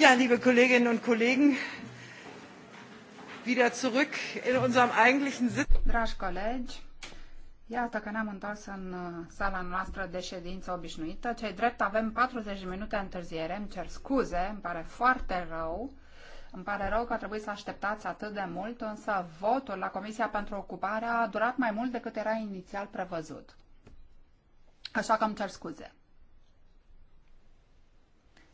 Ja, liebe Kolleginnen und Kollegen, wieder zurück in unserem eigentlichen Sitz. Dragi colegi, iată că ne-am întors în uh, sala noastră de ședință obișnuită. Cei drept avem 40 minute întârziere, îmi cer scuze, îmi pare foarte rău. Îmi pare rău că a trebuit să așteptați atât de mult, însă votul la Comisia pentru Ocupare a durat mai mult decât era inițial prevăzut. Așa că îmi cer scuze.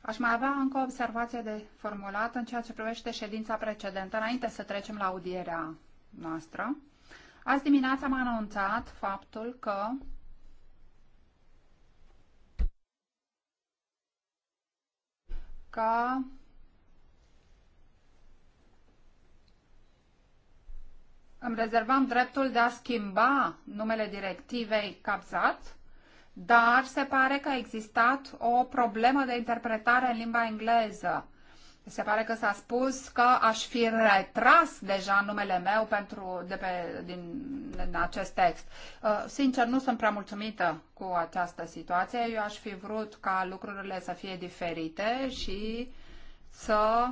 Aș mai avea încă o observație de formulat în ceea ce privește ședința precedentă, înainte să trecem la audierea noastră. Azi dimineața am anunțat faptul că că îmi rezervam dreptul de a schimba numele directivei CAPSAT dar se pare că a existat o problemă de interpretare în limba engleză. Se pare că s-a spus că aș fi retras deja numele meu pentru, de pe, din, din acest text. Uh, sincer, nu sunt prea mulțumită cu această situație. Eu aș fi vrut ca lucrurile să fie diferite și să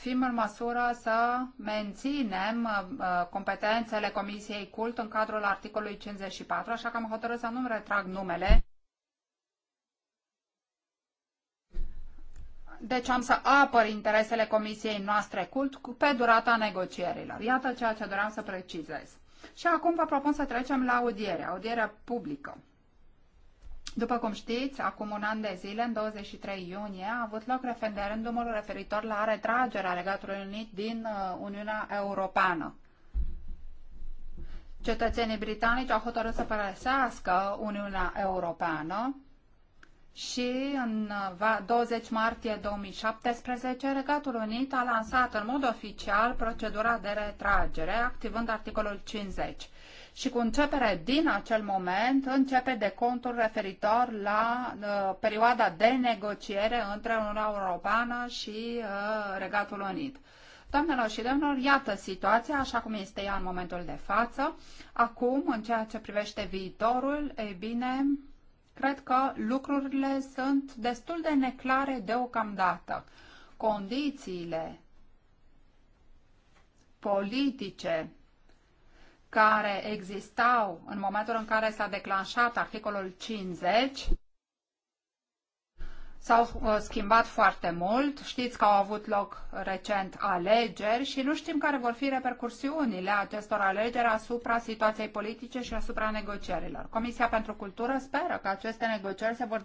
fim în măsură să menținem uh, uh, competențele Comisiei Cult în cadrul articolului 54, așa că am hotărât să nu-mi retrag numele. Deci am să apăr interesele Comisiei noastre Cult pe durata negocierilor. Iată ceea ce doream să precizez. Și acum vă propun să trecem la audiere, audiere publică. După cum știți, acum un an de zile, în 23 iunie, a avut loc referendumul referitor la retragerea Regatului Unit din uh, Uniunea Europeană. Cetățenii britanici au hotărât să părăsească Uniunea Europeană și în 20 uh, martie 2017, Regatul Unit a lansat în mod oficial procedura de retragere, activând articolul 50 și cu începere din acel moment începe de contul referitor la uh, perioada de negociere între Uniunea Europeană și uh, Regatul Unit. Doamnelor și domnilor, iată situația așa cum este ea în momentul de față. Acum, în ceea ce privește viitorul, ei bine, cred că lucrurile sunt destul de neclare deocamdată. Condițiile politice care existau în momentul în care s-a declanșat articolul 50 s-au uh, schimbat foarte mult. Știți că au avut loc recent alegeri și nu știm care vor fi repercursiunile acestor alegeri asupra situației politice și asupra negocierilor. Comisia pentru Cultură speră că aceste negocieri se vor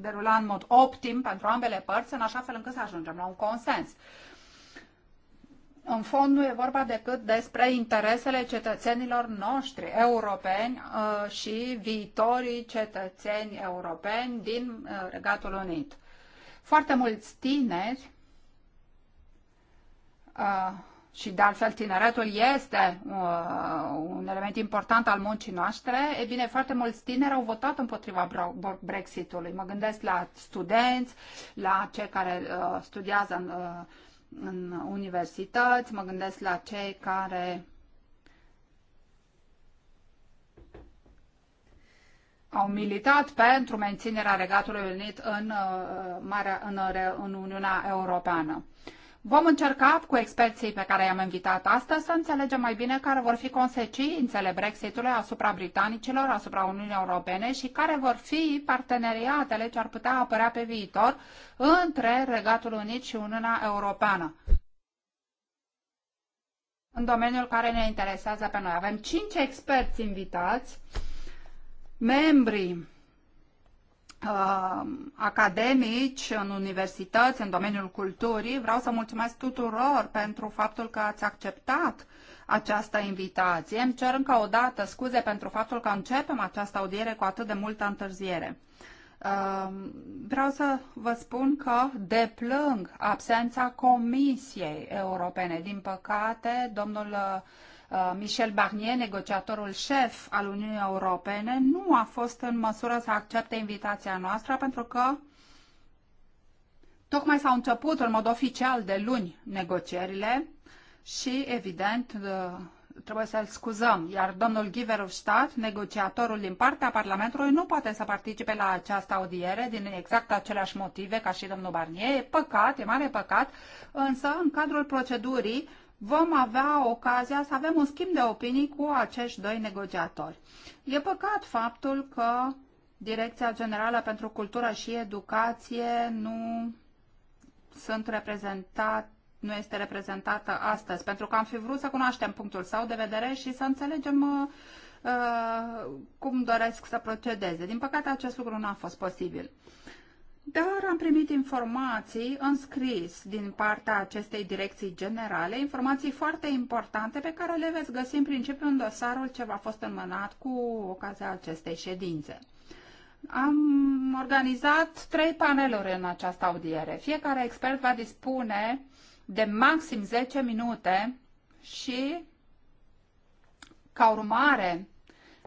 derula în mod optim pentru ambele părți, în așa fel încât să ajungem la un consens în fond nu e vorba decât despre interesele cetățenilor noștri europeni uh, și viitorii cetățeni europeni din uh, Regatul Unit. Foarte mulți tineri uh, și de altfel tineretul este un element important al muncii noastre, e bine, foarte mulți tineri au votat împotriva Brexitului. Mă gândesc la studenți, la cei care studiază în în universități, mă gândesc la cei care au militat pentru menținerea Regatului Unit în, uh, în, în Uniunea Europeană. Uh, Vom încerca cu experții pe care i-am invitat astăzi să înțelegem mai bine care vor fi consecințele Brexitului asupra britanicilor, asupra Uniunii Europene și care vor fi parteneriatele ce ar putea apărea pe viitor între Regatul Unit și Uniunea Europeană în domeniul care ne interesează pe noi. Avem cinci experți invitați, membrii Uh, academici, în universități, în domeniul culturii. Vreau să mulțumesc tuturor pentru faptul că ați acceptat această invitație. Îmi cer încă o dată scuze pentru faptul că începem această audiere cu atât de multă întârziere. Uh, vreau să vă spun că deplâng absența Comisiei Europene. Din păcate, domnul uh, Uh, Michel Barnier, negociatorul șef al Uniunii Europene, nu a fost în măsură să accepte invitația noastră pentru că tocmai s-au început în mod oficial de luni negocierile și, evident, uh, trebuie să-l scuzăm, iar domnul Giverhofstadt, negociatorul din partea Parlamentului, nu poate să participe la această audiere din exact aceleași motive ca și domnul Barnier. E păcat, e mare păcat, însă în cadrul procedurii vom avea ocazia să avem un schimb de opinii cu acești doi negociatori. E păcat faptul că Direcția Generală pentru Cultură și Educație nu sunt reprezentat, nu este reprezentată astăzi, pentru că am fi vrut să cunoaștem punctul său de vedere și să înțelegem uh, uh cum doresc să procedeze. Din păcate, acest lucru nu a fost posibil dar am primit informații în scris din partea acestei direcții generale, informații foarte importante pe care le veți găsi în principiu în dosarul ce v-a fost înmânat cu ocazia acestei ședințe. Am organizat trei paneluri în această audiere. Fiecare expert va dispune de maxim 10 minute și, ca urmare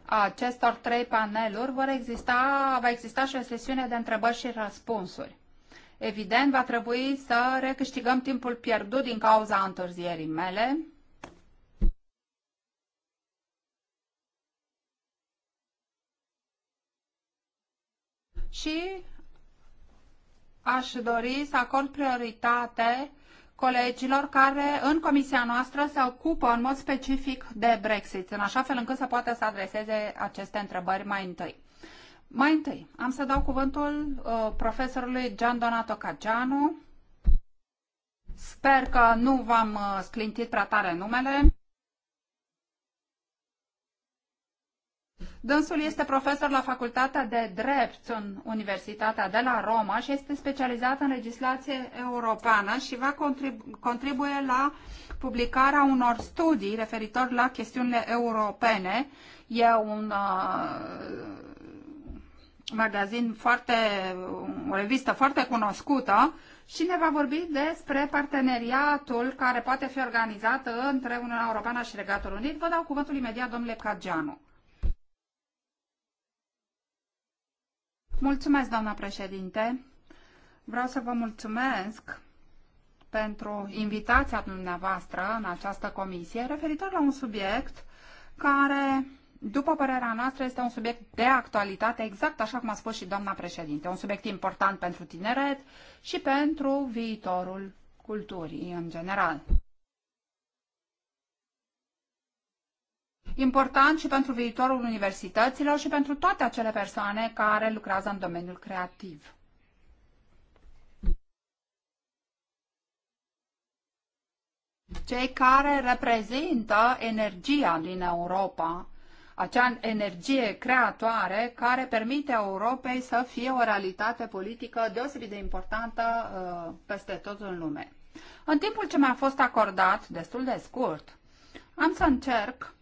acestor trei paneluri vor exista, va exista și o sesiune de întrebări și răspunsuri. Evident, va trebui să recâștigăm timpul pierdut din cauza întârzierii mele. Și aș dori să acord prioritate colegilor care în comisia noastră se ocupă în mod specific de Brexit, în așa fel încât să poată să adreseze aceste întrebări mai întâi. Mai întâi, am să dau cuvântul uh, profesorului Gian Donato Cagianu. Sper că nu v-am uh, sclintit prea tare numele. Dânsul este profesor la Facultatea de Drept în Universitatea de la Roma și este specializat în legislație europeană și va contribu contribuie la publicarea unor studii referitor la chestiunile europene. E un uh, magazin foarte, o revistă foarte cunoscută și ne va vorbi despre parteneriatul care poate fi organizat între Uniunea Europeană și Regatul Unit. Vă dau cuvântul imediat, domnule Cagianu. Mulțumesc, doamna președinte. Vreau să vă mulțumesc pentru invitația dumneavoastră în această comisie referitor la un subiect care, după părerea noastră, este un subiect de actualitate, exact așa cum a spus și doamna președinte, un subiect important pentru tineret și pentru viitorul culturii în general. important și pentru viitorul universităților și pentru toate acele persoane care lucrează în domeniul creativ. Cei care reprezintă energia din Europa, acea energie creatoare care permite Europei să fie o realitate politică deosebit de importantă uh, peste tot în lume. În timpul ce mi-a fost acordat, destul de scurt, am să încerc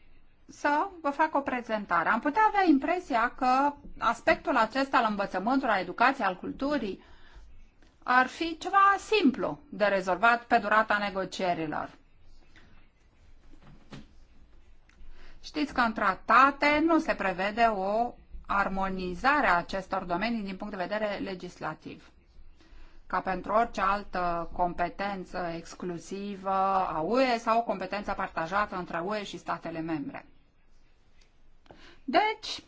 să vă fac o prezentare. Am putea avea impresia că aspectul acesta al învățământului, al educației, al culturii ar fi ceva simplu de rezolvat pe durata negocierilor. Știți că în tratate nu se prevede o armonizare a acestor domenii din punct de vedere legislativ. Ca pentru orice altă competență exclusivă a UE sau o competență partajată între UE și statele membre. Deci,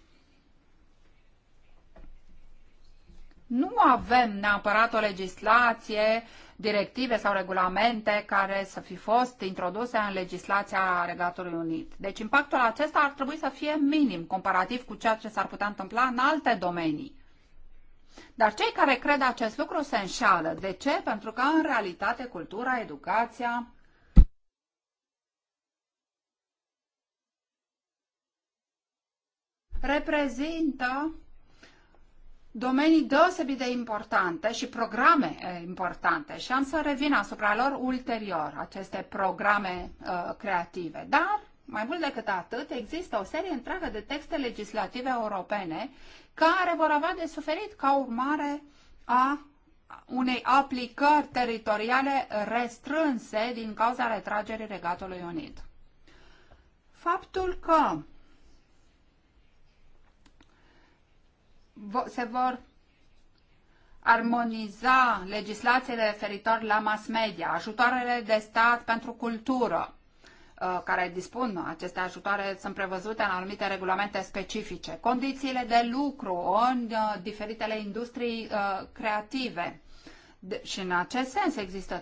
nu avem neapărat o legislație, directive sau regulamente care să fi fost introduse în legislația Regatului Unit. Deci impactul acesta ar trebui să fie minim comparativ cu ceea ce s-ar putea întâmpla în alte domenii. Dar cei care cred acest lucru se înșală. De ce? Pentru că, în realitate, cultura, educația, reprezintă domenii deosebit de importante și programe eh, importante și am să revin asupra lor ulterior, aceste programe uh, creative. Dar, mai mult decât atât, există o serie întreagă de texte legislative europene care vor avea de suferit ca urmare a unei aplicări teritoriale restrânse din cauza retragerii Regatului Unit. Faptul că se vor armoniza legislațiile referitor la mass media, ajutoarele de stat pentru cultură, uh, care dispun aceste ajutoare sunt prevăzute în anumite regulamente specifice, condițiile de lucru în uh, diferitele industrii uh, creative. Și în acest sens există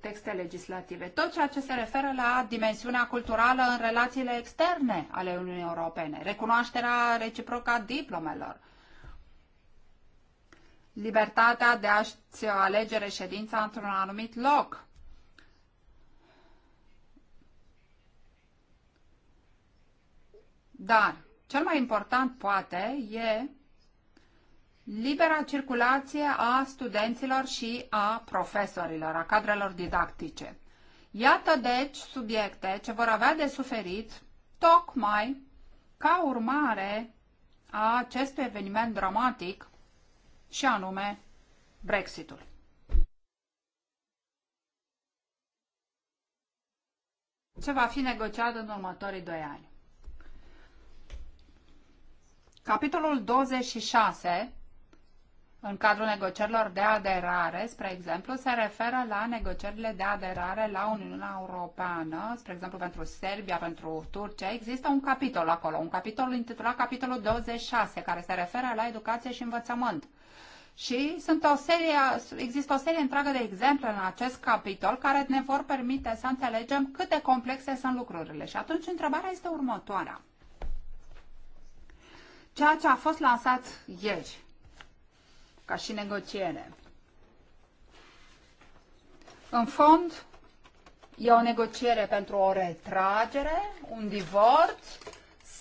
texte legislative. Tot ceea ce se referă la dimensiunea culturală în relațiile externe ale Uniunii Europene, recunoașterea reciprocă a diplomelor, libertatea de a-ți alege reședința într-un anumit loc. Dar cel mai important, poate, e libera circulație a studenților și a profesorilor, a cadrelor didactice. Iată, deci, subiecte ce vor avea de suferit tocmai ca urmare a acestui eveniment dramatic și anume Brexitul. Ce va fi negociat în următorii doi ani. Capitolul 26 în cadrul negocierilor de aderare, spre exemplu, se referă la negocierile de aderare la Uniunea Europeană, spre exemplu pentru Serbia, pentru Turcia. Există un capitol acolo, un capitol intitulat capitolul 26, care se referă la educație și învățământ. Și sunt o serie, există o serie întreagă de exemple în acest capitol care ne vor permite să înțelegem cât de complexe sunt lucrurile. Și atunci întrebarea este următoarea. Ceea ce a fost lansat ieri ca și negociere. În fond, e o negociere pentru o retragere, un divorț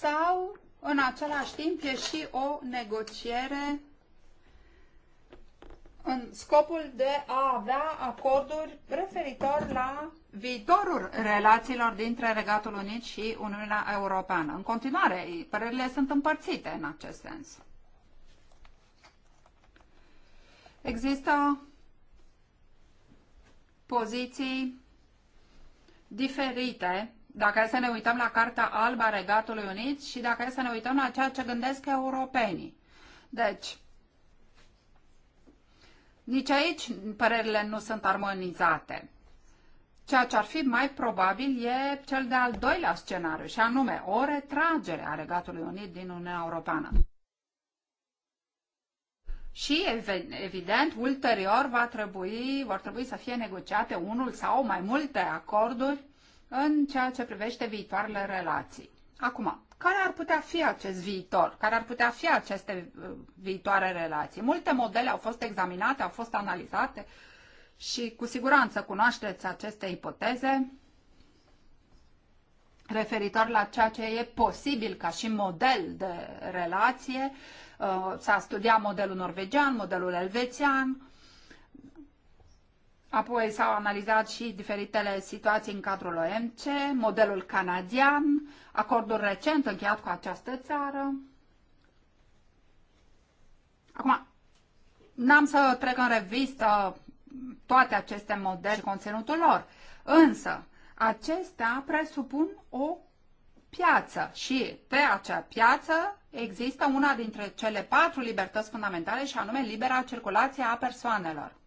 sau, în același timp, e și o negociere în scopul de a avea acorduri referitor la viitorul relațiilor dintre Regatul Unit și Uniunea Europeană. În continuare, părerile sunt împărțite în acest sens. Există poziții diferite dacă e să ne uităm la Carta Albă a Regatului Unit și dacă e să ne uităm la ceea ce gândesc europenii. Deci, nici aici părerile nu sunt armonizate. Ceea ce ar fi mai probabil e cel de-al doilea scenariu, și anume o retragere a Regatului Unit din Uniunea Europeană. Și, evident, ulterior va trebui, vor trebui să fie negociate unul sau mai multe acorduri în ceea ce privește viitoarele relații. Acum, care ar putea fi acest viitor? Care ar putea fi aceste uh, viitoare relații? Multe modele au fost examinate, au fost analizate și cu siguranță cunoașteți aceste ipoteze referitor la ceea ce e posibil ca și model de relație. Uh, s-a studiat modelul norvegian, modelul elvețian, Apoi s-au analizat și diferitele situații în cadrul OMC, modelul canadian, acordul recent încheiat cu această țară. Acum, n-am să trec în revistă toate aceste modele și conținutul lor, însă acestea presupun o piață și pe acea piață există una dintre cele patru libertăți fundamentale și anume libera circulație a persoanelor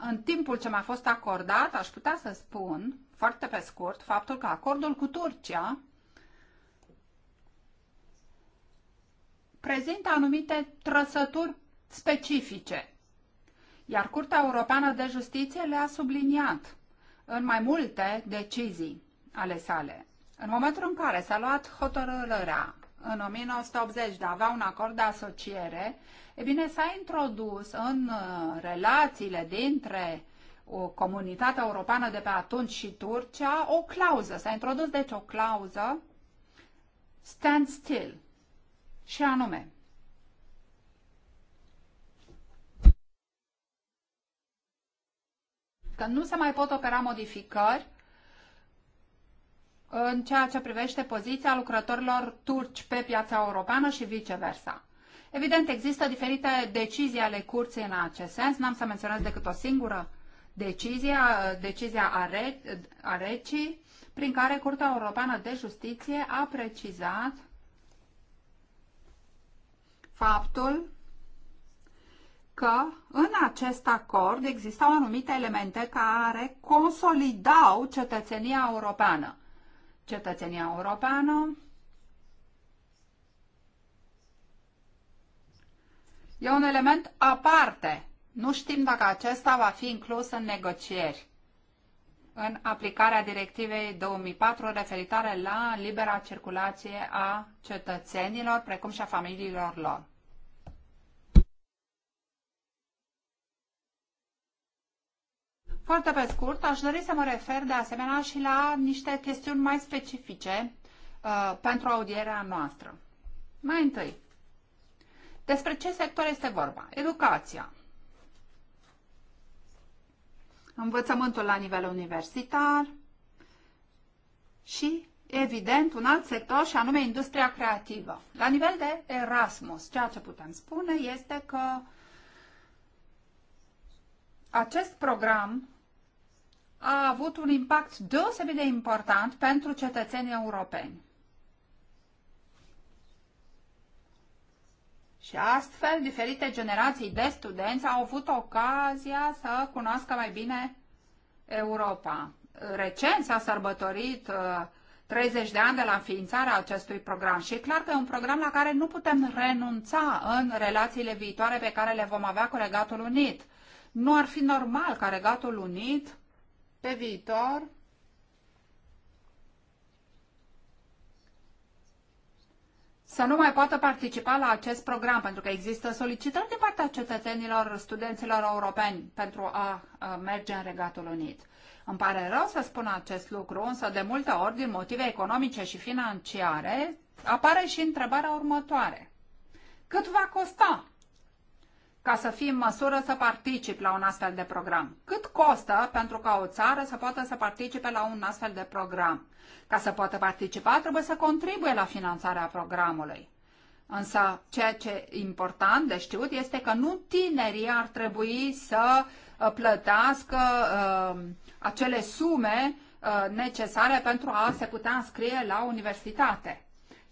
în timpul ce mi-a fost acordat, aș putea să spun, foarte pe scurt, faptul că acordul cu Turcia prezintă anumite trăsături specifice. Iar Curtea Europeană de Justiție le-a subliniat în mai multe decizii ale sale. În momentul în care s-a luat hotărârea în 1980 de a avea un acord de asociere, e bine, s-a introdus în uh, relațiile dintre o comunitate europeană de pe atunci și Turcia o clauză. S-a introdus, deci, o clauză stand still. Și anume, că nu se mai pot opera modificări în ceea ce privește poziția lucrătorilor turci pe piața europeană și viceversa. Evident, există diferite decizii ale curții în acest sens, n-am să menționez decât o singură decizie, decizia Areci, prin care Curtea Europeană de Justiție a precizat faptul că în acest acord existau anumite elemente care consolidau cetățenia europeană cetățenia europeană. E un element aparte. Nu știm dacă acesta va fi inclus în negocieri, în aplicarea directivei 2004 referitoare la libera circulație a cetățenilor, precum și a familiilor lor. Foarte pe scurt, aș dori să mă refer de asemenea și la niște chestiuni mai specifice uh, pentru audierea noastră. Mai întâi, despre ce sector este vorba? Educația. Învățământul la nivel universitar și, evident, un alt sector și anume industria creativă. La nivel de Erasmus, ceea ce putem spune este că acest program a avut un impact deosebit de important pentru cetățenii europeni. Și astfel, diferite generații de studenți au avut ocazia să cunoască mai bine Europa. Recent s-a sărbătorit 30 uh, de ani de la înființarea acestui program și e clar că e un program la care nu putem renunța în relațiile viitoare pe care le vom avea cu Regatul Unit. Nu ar fi normal ca Regatul Unit pe viitor să nu mai poată participa la acest program, pentru că există solicitări din partea cetățenilor, studenților europeni pentru a, merge în Regatul Unit. Îmi pare rău să spun acest lucru, însă de multe ori, din motive economice și financiare, apare și întrebarea următoare. Cât va costa ca să fii în măsură să participi la un astfel de program? Cât costă pentru ca o țară să poată să participe la un astfel de program? Ca să poată participa, trebuie să contribuie la finanțarea programului. Însă, ceea ce e important de știut este că nu tinerii ar trebui să uh, plătească uh, acele sume uh, necesare pentru a se putea înscrie la universitate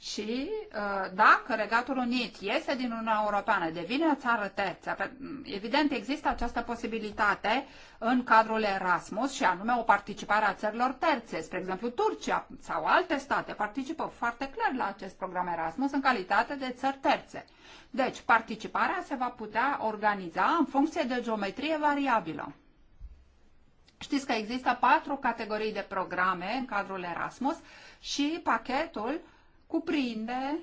și uh, dacă Regatul Unit iese din Uniunea Europeană, devine o țară terță, evident există această posibilitate în cadrul Erasmus și anume o participare a țărilor terțe, spre exemplu Turcia sau alte state participă foarte clar la acest program Erasmus în calitate de țări terțe. Deci participarea se va putea organiza în funcție de geometrie variabilă. Știți că există patru categorii de programe în cadrul Erasmus și pachetul uh, cuprinde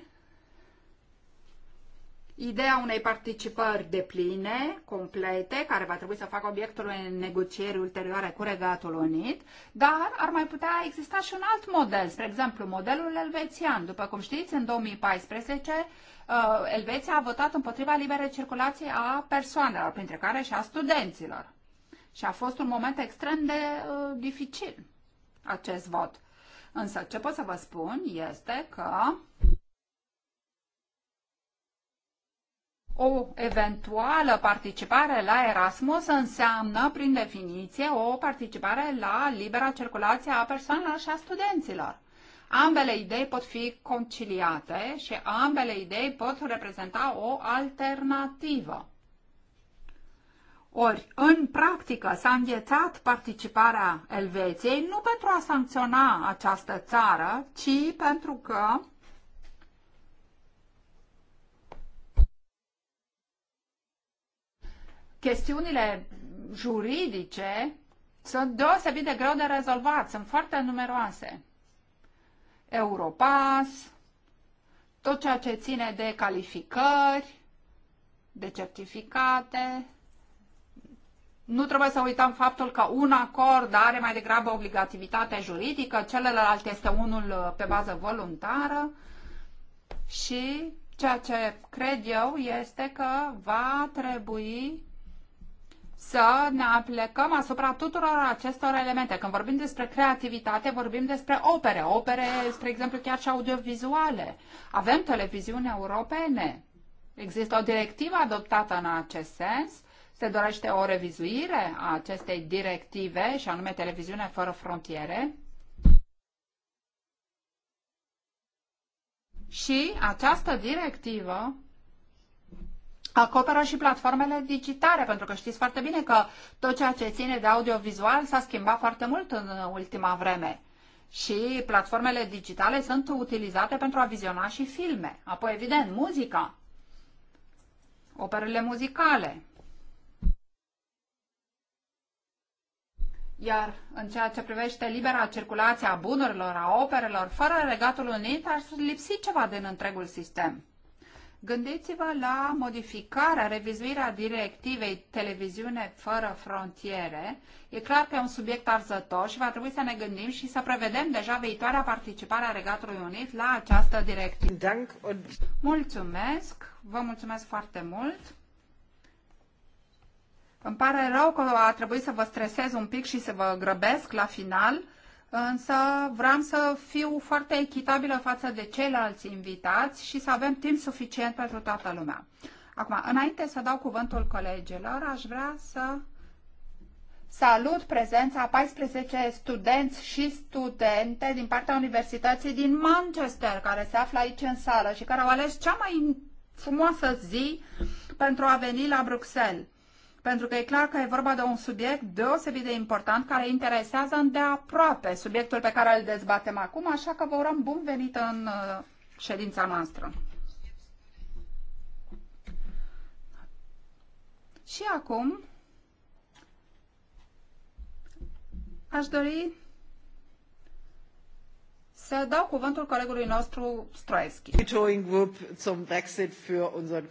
ideea unei participări de pline, complete, care va trebui să facă obiectul unei negocieri ulterioare cu Regatul Unit, dar ar mai putea exista și un alt model, spre exemplu modelul elvețian. După cum știți, în 2014 uh, Elveția a votat împotriva liberei circulației a persoanelor, printre care și a studenților. Și a fost un moment extrem de uh, dificil acest vot. Însă ce pot să vă spun este că o eventuală participare la Erasmus înseamnă, prin definiție, o participare la libera circulație a persoanelor și a studenților. Ambele idei pot fi conciliate și ambele idei pot reprezenta o alternativă. Ori, în practică, s-a înghețat participarea Elveției nu pentru a sancționa această țară, ci pentru că chestiunile juridice sunt deosebit de greu de rezolvat, sunt foarte numeroase. Europas, tot ceea ce ține de calificări, de certificate, nu trebuie să uităm faptul că un acord are mai degrabă obligativitate juridică, celălalt este unul uh, pe bază voluntară și ceea ce cred eu este că va trebui să ne aplecăm asupra tuturor acestor elemente. Când vorbim despre creativitate, vorbim despre opere, opere, spre exemplu, chiar și audiovizuale. Avem televiziuni europene. Există o directivă adoptată în acest sens se dorește o revizuire a acestei directive, și anume televiziune fără frontiere. Și această directivă acoperă și platformele digitale, pentru că știți foarte bine că tot ceea ce ține de audiovizual s-a schimbat foarte mult în ultima vreme. Și platformele digitale sunt utilizate pentru a viziona și filme. Apoi, evident, muzica, operele muzicale, Iar în ceea ce privește libera circulație a bunurilor, a operelor, fără Regatul Unit, ar lipsi ceva din întregul sistem. Gândiți-vă la modificarea, revizuirea directivei televiziune fără frontiere. E clar că e un subiect arzător și va trebui să ne gândim și să prevedem deja viitoarea participare a Regatului Unit la această directivă. Mulțumesc, vă mulțumesc foarte mult. Îmi pare rău că a trebuit să vă stresez un pic și să vă grăbesc la final, însă vreau să fiu foarte echitabilă față de ceilalți invitați și să avem timp suficient pentru toată lumea. Acum, înainte să dau cuvântul colegilor, aș vrea să salut prezența a 14 studenți și studente din partea Universității din Manchester, care se află aici în sală și care au ales cea mai frumoasă zi pentru a veni la Bruxelles pentru că e clar că e vorba de un subiect deosebit de important care interesează îndeaproape subiectul pe care îl dezbatem acum, așa că vă urăm bun venit în uh, ședința noastră. Și acum aș dori să dau cuvântul colegului nostru Stroeschi. Group zum Brexit für unseren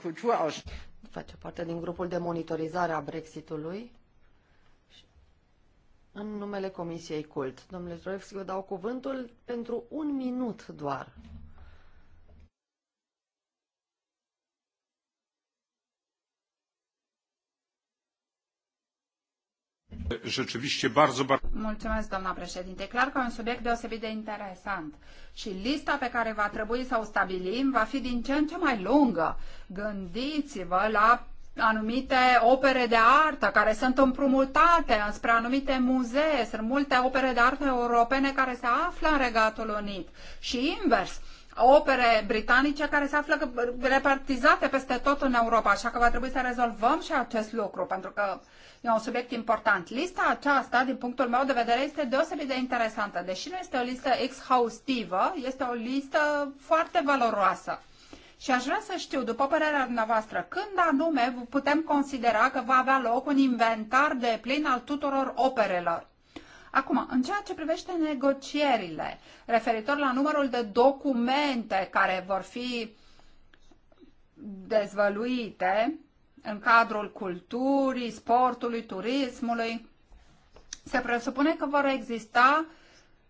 face parte din grupul de monitorizare a Brexitului în numele Comisiei Cult. Domnule Zdroievski, vă dau cuvântul pentru un minut doar. Rzeczywiście bardzo, bardzo... Mulțumesc, doamna președinte. Clar că e un subiect deosebit de interesant. Și lista pe care va trebui să o stabilim va fi din ce în ce mai lungă. Gândiți-vă la anumite opere de artă care sunt împrumutate spre anumite muzee. Sunt multe opere de artă europene care se află în Regatul Unit. Și invers opere britanice care se află repartizate peste tot în Europa, așa că va trebui să rezolvăm și acest lucru, pentru că E un subiect important. Lista aceasta, din punctul meu de vedere, este deosebit de interesantă. Deși nu este o listă exhaustivă, este o listă foarte valoroasă. Și aș vrea să știu, după părerea dumneavoastră, când anume putem considera că va avea loc un inventar de plin al tuturor operelor? Acum, în ceea ce privește negocierile, referitor la numărul de documente care vor fi dezvăluite, în cadrul culturii, sportului, turismului. Se presupune că vor exista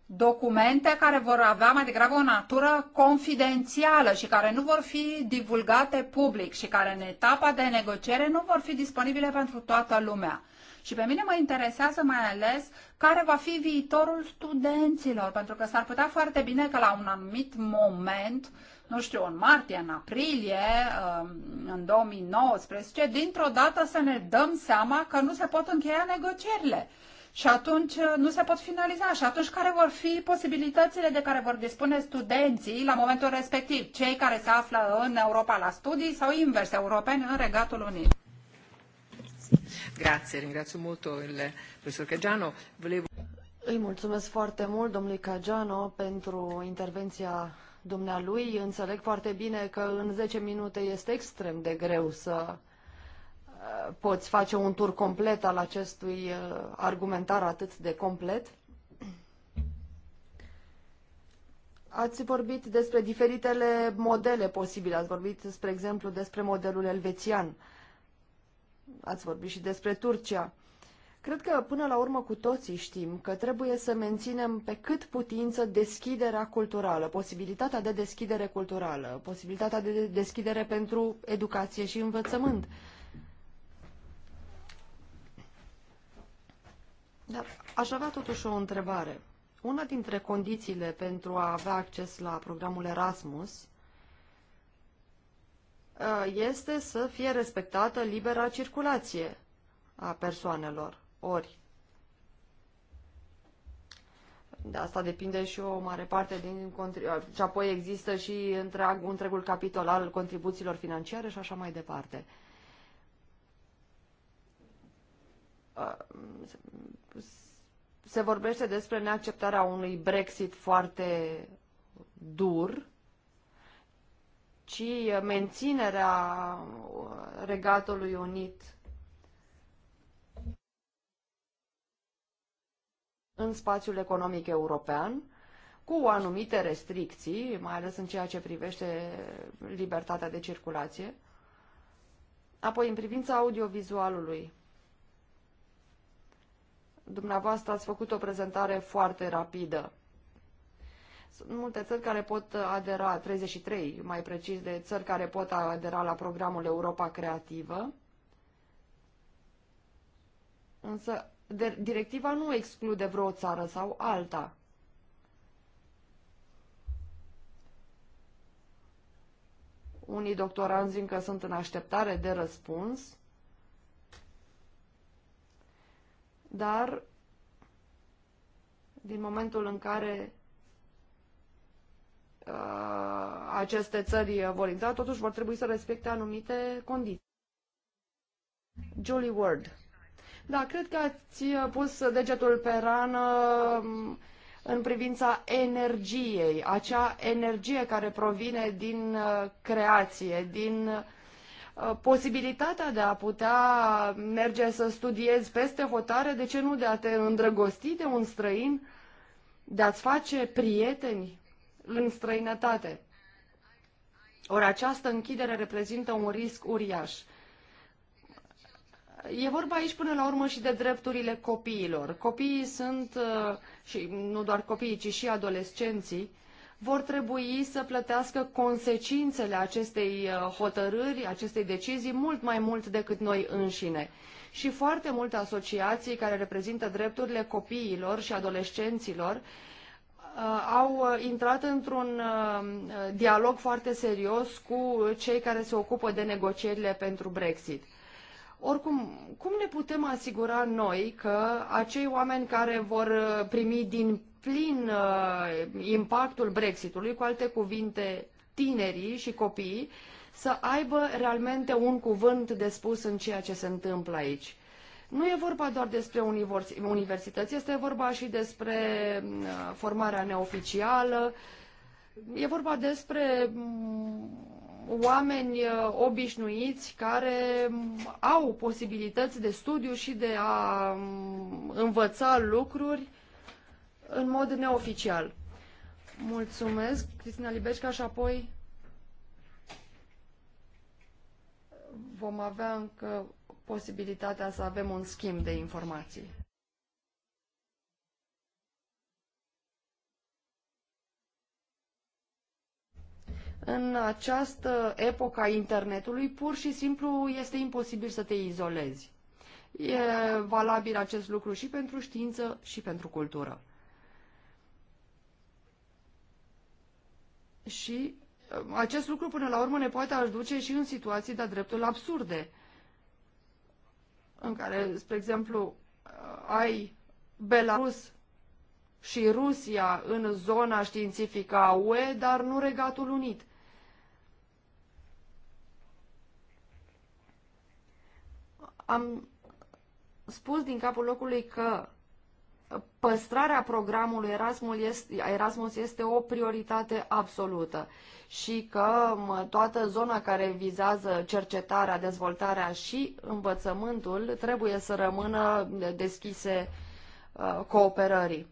documente care vor avea mai degrabă o natură confidențială și care nu vor fi divulgate public și care în etapa de negociere nu vor fi disponibile pentru toată lumea. Și pe mine mă interesează mai ales care va fi viitorul studenților, pentru că s-ar putea foarte bine că la un anumit moment uh, nu știu, în martie, în aprilie, um, în 2019, dintr-o dată să ne dăm seama că nu se pot încheia negocierile. Și atunci uh, nu se pot finaliza. Și atunci care vor fi posibilitățile de care vor dispune studenții la momentul respectiv? Cei care se află în Europa la studii sau invers, europeni în Regatul Unit? Grazie, ringrazio molto il professor Caggiano. Volevo... Îi mulțumesc foarte mult domnului Cagiano pentru intervenția dumnealui. Înțeleg foarte bine că în 10 minute este extrem de greu să uh, poți face un tur complet al acestui uh, argumentar atât de complet. Ați vorbit despre diferitele modele posibile. Ați vorbit, spre exemplu, despre modelul elvețian. Ați vorbit și despre Turcia. Cred că până la urmă cu toții știm că trebuie să menținem pe cât putință deschiderea culturală, posibilitatea de deschidere culturală, posibilitatea de deschidere pentru educație și învățământ. Dar aș avea totuși o întrebare. Una dintre condițiile pentru a avea acces la programul Erasmus uh, este să fie respectată libera circulație a persoanelor ori. De asta depinde și o mare parte din și apoi există și întreag, întregul capitol al contribuțiilor financiare și așa mai departe. Se vorbește despre neacceptarea unui Brexit foarte dur, ci menținerea Regatului Unit în spațiul economic european, cu anumite restricții, mai ales în ceea ce privește libertatea de circulație. Apoi, în privința audiovizualului, dumneavoastră ați făcut o prezentare foarte rapidă. Sunt multe țări care pot adera, 33 mai precis, de țări care pot adera la programul Europa Creativă. Însă directiva nu exclude vreo țară sau alta. Unii doctoranzi încă sunt în așteptare de răspuns, dar din momentul în care uh, aceste țări vor intra, totuși vor trebui să respecte anumite condiții. Julie Ward da, cred că ați uh, pus degetul pe rană um, în privința energiei, acea energie care provine din uh, creație, din uh, posibilitatea de a putea merge să studiezi peste hotare, de ce nu de a te îndrăgosti de un străin, de a-ți face prieteni în străinătate. Ori această închidere reprezintă un risc uriaș. E vorba aici până la urmă și de drepturile copiilor. Copiii sunt, uh, și nu doar copiii, ci și adolescenții, vor trebui să plătească consecințele acestei uh, hotărâri, acestei decizii, mult mai mult decât noi înșine. Și foarte multe asociații care reprezintă drepturile copiilor și adolescenților uh, au intrat într-un dialog foarte serios cu cei care se ocupă de negocierile pentru Brexit. Oricum, cum ne putem asigura noi că acei oameni care vor uh, primi din plin uh, impactul Brexitului, cu alte cuvinte, tinerii și copiii, să aibă realmente un cuvânt de spus în ceea ce se întâmplă aici. Nu e vorba doar despre universități, este vorba și despre uh, formarea neoficială, e vorba despre mm, oameni uh, obișnuiți care mm, au posibilități de studiu și de a mm, învăța lucruri în mod neoficial. Mulțumesc, Cristina Libeșca, și apoi vom avea încă posibilitatea să avem un schimb de informații. În această epocă a internetului, pur și simplu este imposibil să te izolezi. E valabil acest lucru și pentru știință și pentru cultură. Și uh, acest lucru până la urmă ne poate aduce și în situații de-a dreptul absurde, în care, spre exemplu, uh, ai Belarus și Rusia în zona științifică a UE, dar nu Regatul Unit. Am spus din capul locului că păstrarea programului Erasmus este, Erasmus este o prioritate absolută și că toată zona care vizează cercetarea, dezvoltarea și învățământul trebuie să rămână deschise uh, cooperării.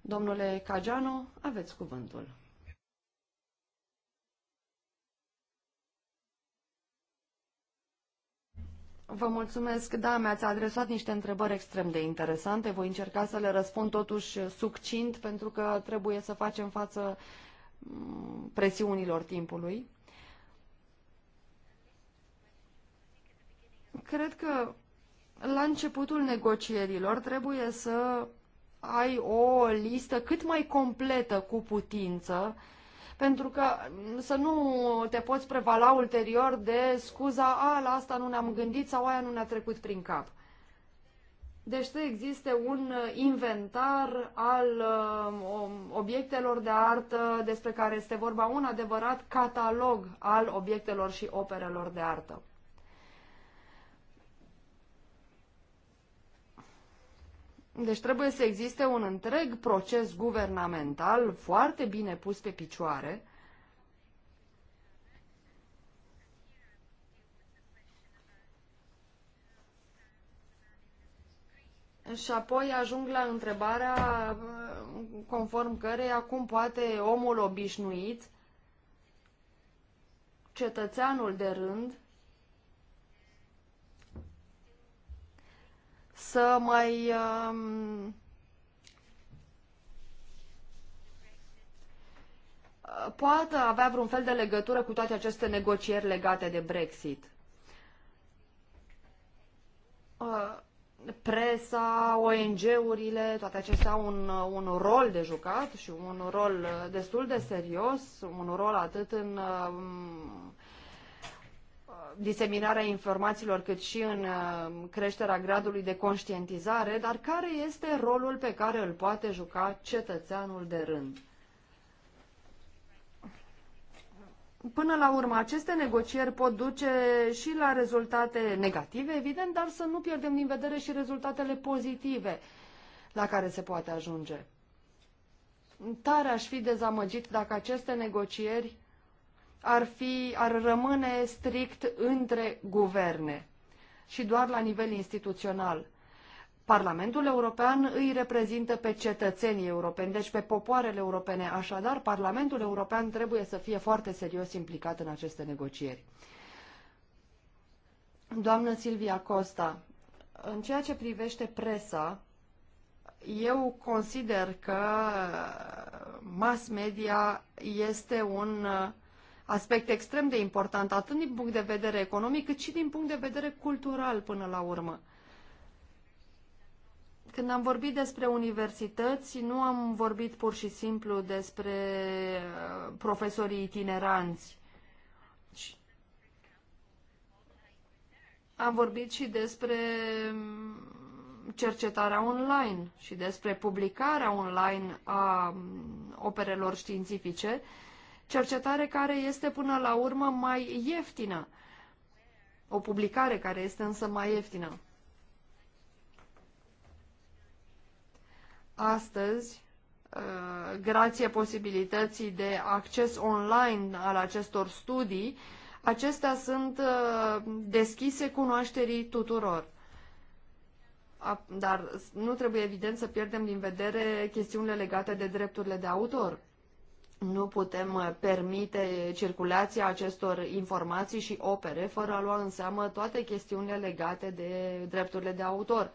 Domnule Cageanu, aveți cuvântul. Vă mulțumesc. Da, mi-ați adresat niște întrebări extrem de interesante. Voi încerca să le răspund totuși succint, pentru că trebuie să facem față mm, presiunilor timpului. Cred că la începutul negocierilor trebuie să ai o listă cât mai completă cu putință uh, pentru că să nu te poți prevala ulterior de scuza, a, la asta nu ne-am gândit sau aia nu ne-a trecut prin cap. Deci să existe un inventar al uh, obiectelor de artă despre care este vorba, un adevărat catalog al obiectelor și operelor de artă. Deci trebuie să existe un întreg proces guvernamental foarte bine pus pe picioare, Și apoi ajung la întrebarea conform căreia cum poate omul obișnuit, cetățeanul de rând, să mai um, poată avea vreun fel de legătură cu toate aceste negocieri legate de Brexit. Uh, presa, ONG-urile, toate acestea au un, uh, un rol de jucat și un rol uh, destul de serios, un rol atât în uh, diseminarea informațiilor, cât și în uh, creșterea gradului de conștientizare, dar care este rolul pe care îl poate juca cetățeanul de rând? Până la urmă, aceste negocieri pot duce și la rezultate negative, evident, dar să nu pierdem din vedere și rezultatele pozitive la care se poate ajunge. Tare aș fi dezamăgit dacă aceste negocieri ar, fi, ar rămâne strict între guverne și doar la nivel instituțional. Parlamentul European îi reprezintă pe cetățenii europeni, deci pe popoarele europene. Așadar, Parlamentul European trebuie să fie foarte serios implicat în aceste negocieri. Doamnă Silvia Costa, în ceea ce privește presa, eu consider că mass media este un aspect extrem de important, atât din punct de vedere economic, cât și din punct de vedere cultural până la urmă. Când am vorbit despre universități, nu am vorbit pur și simplu despre uh, profesorii itineranți. Am vorbit și despre mm, cercetarea online și despre publicarea online a mm, operelor științifice, cercetare care este până la urmă mai ieftină, o publicare care este însă mai ieftină. Astăzi, uh, grație posibilității de acces online al acestor studii, acestea sunt uh, deschise cunoașterii tuturor. Dar nu trebuie evident să pierdem din vedere chestiunile legate de drepturile de autor nu putem uh, permite circulația acestor informații și opere fără a lua în seamă toate chestiunile legate de drepturile de autor.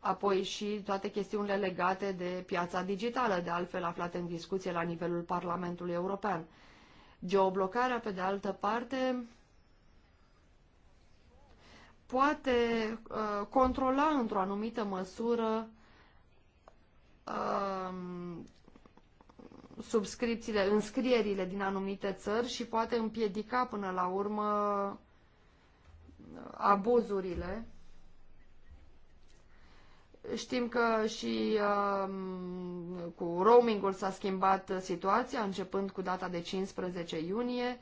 Apoi și toate chestiunile legate de piața digitală, de altfel aflate în discuție la nivelul Parlamentului European. Geoblocarea, pe de altă parte, poate uh, controla într-o anumită măsură uh, subscripțiile, înscrierile din anumite țări și poate împiedica până la urmă uh, abuzurile. Știm că și uh, cu roamingul s-a schimbat situația, începând cu data de 15 iunie,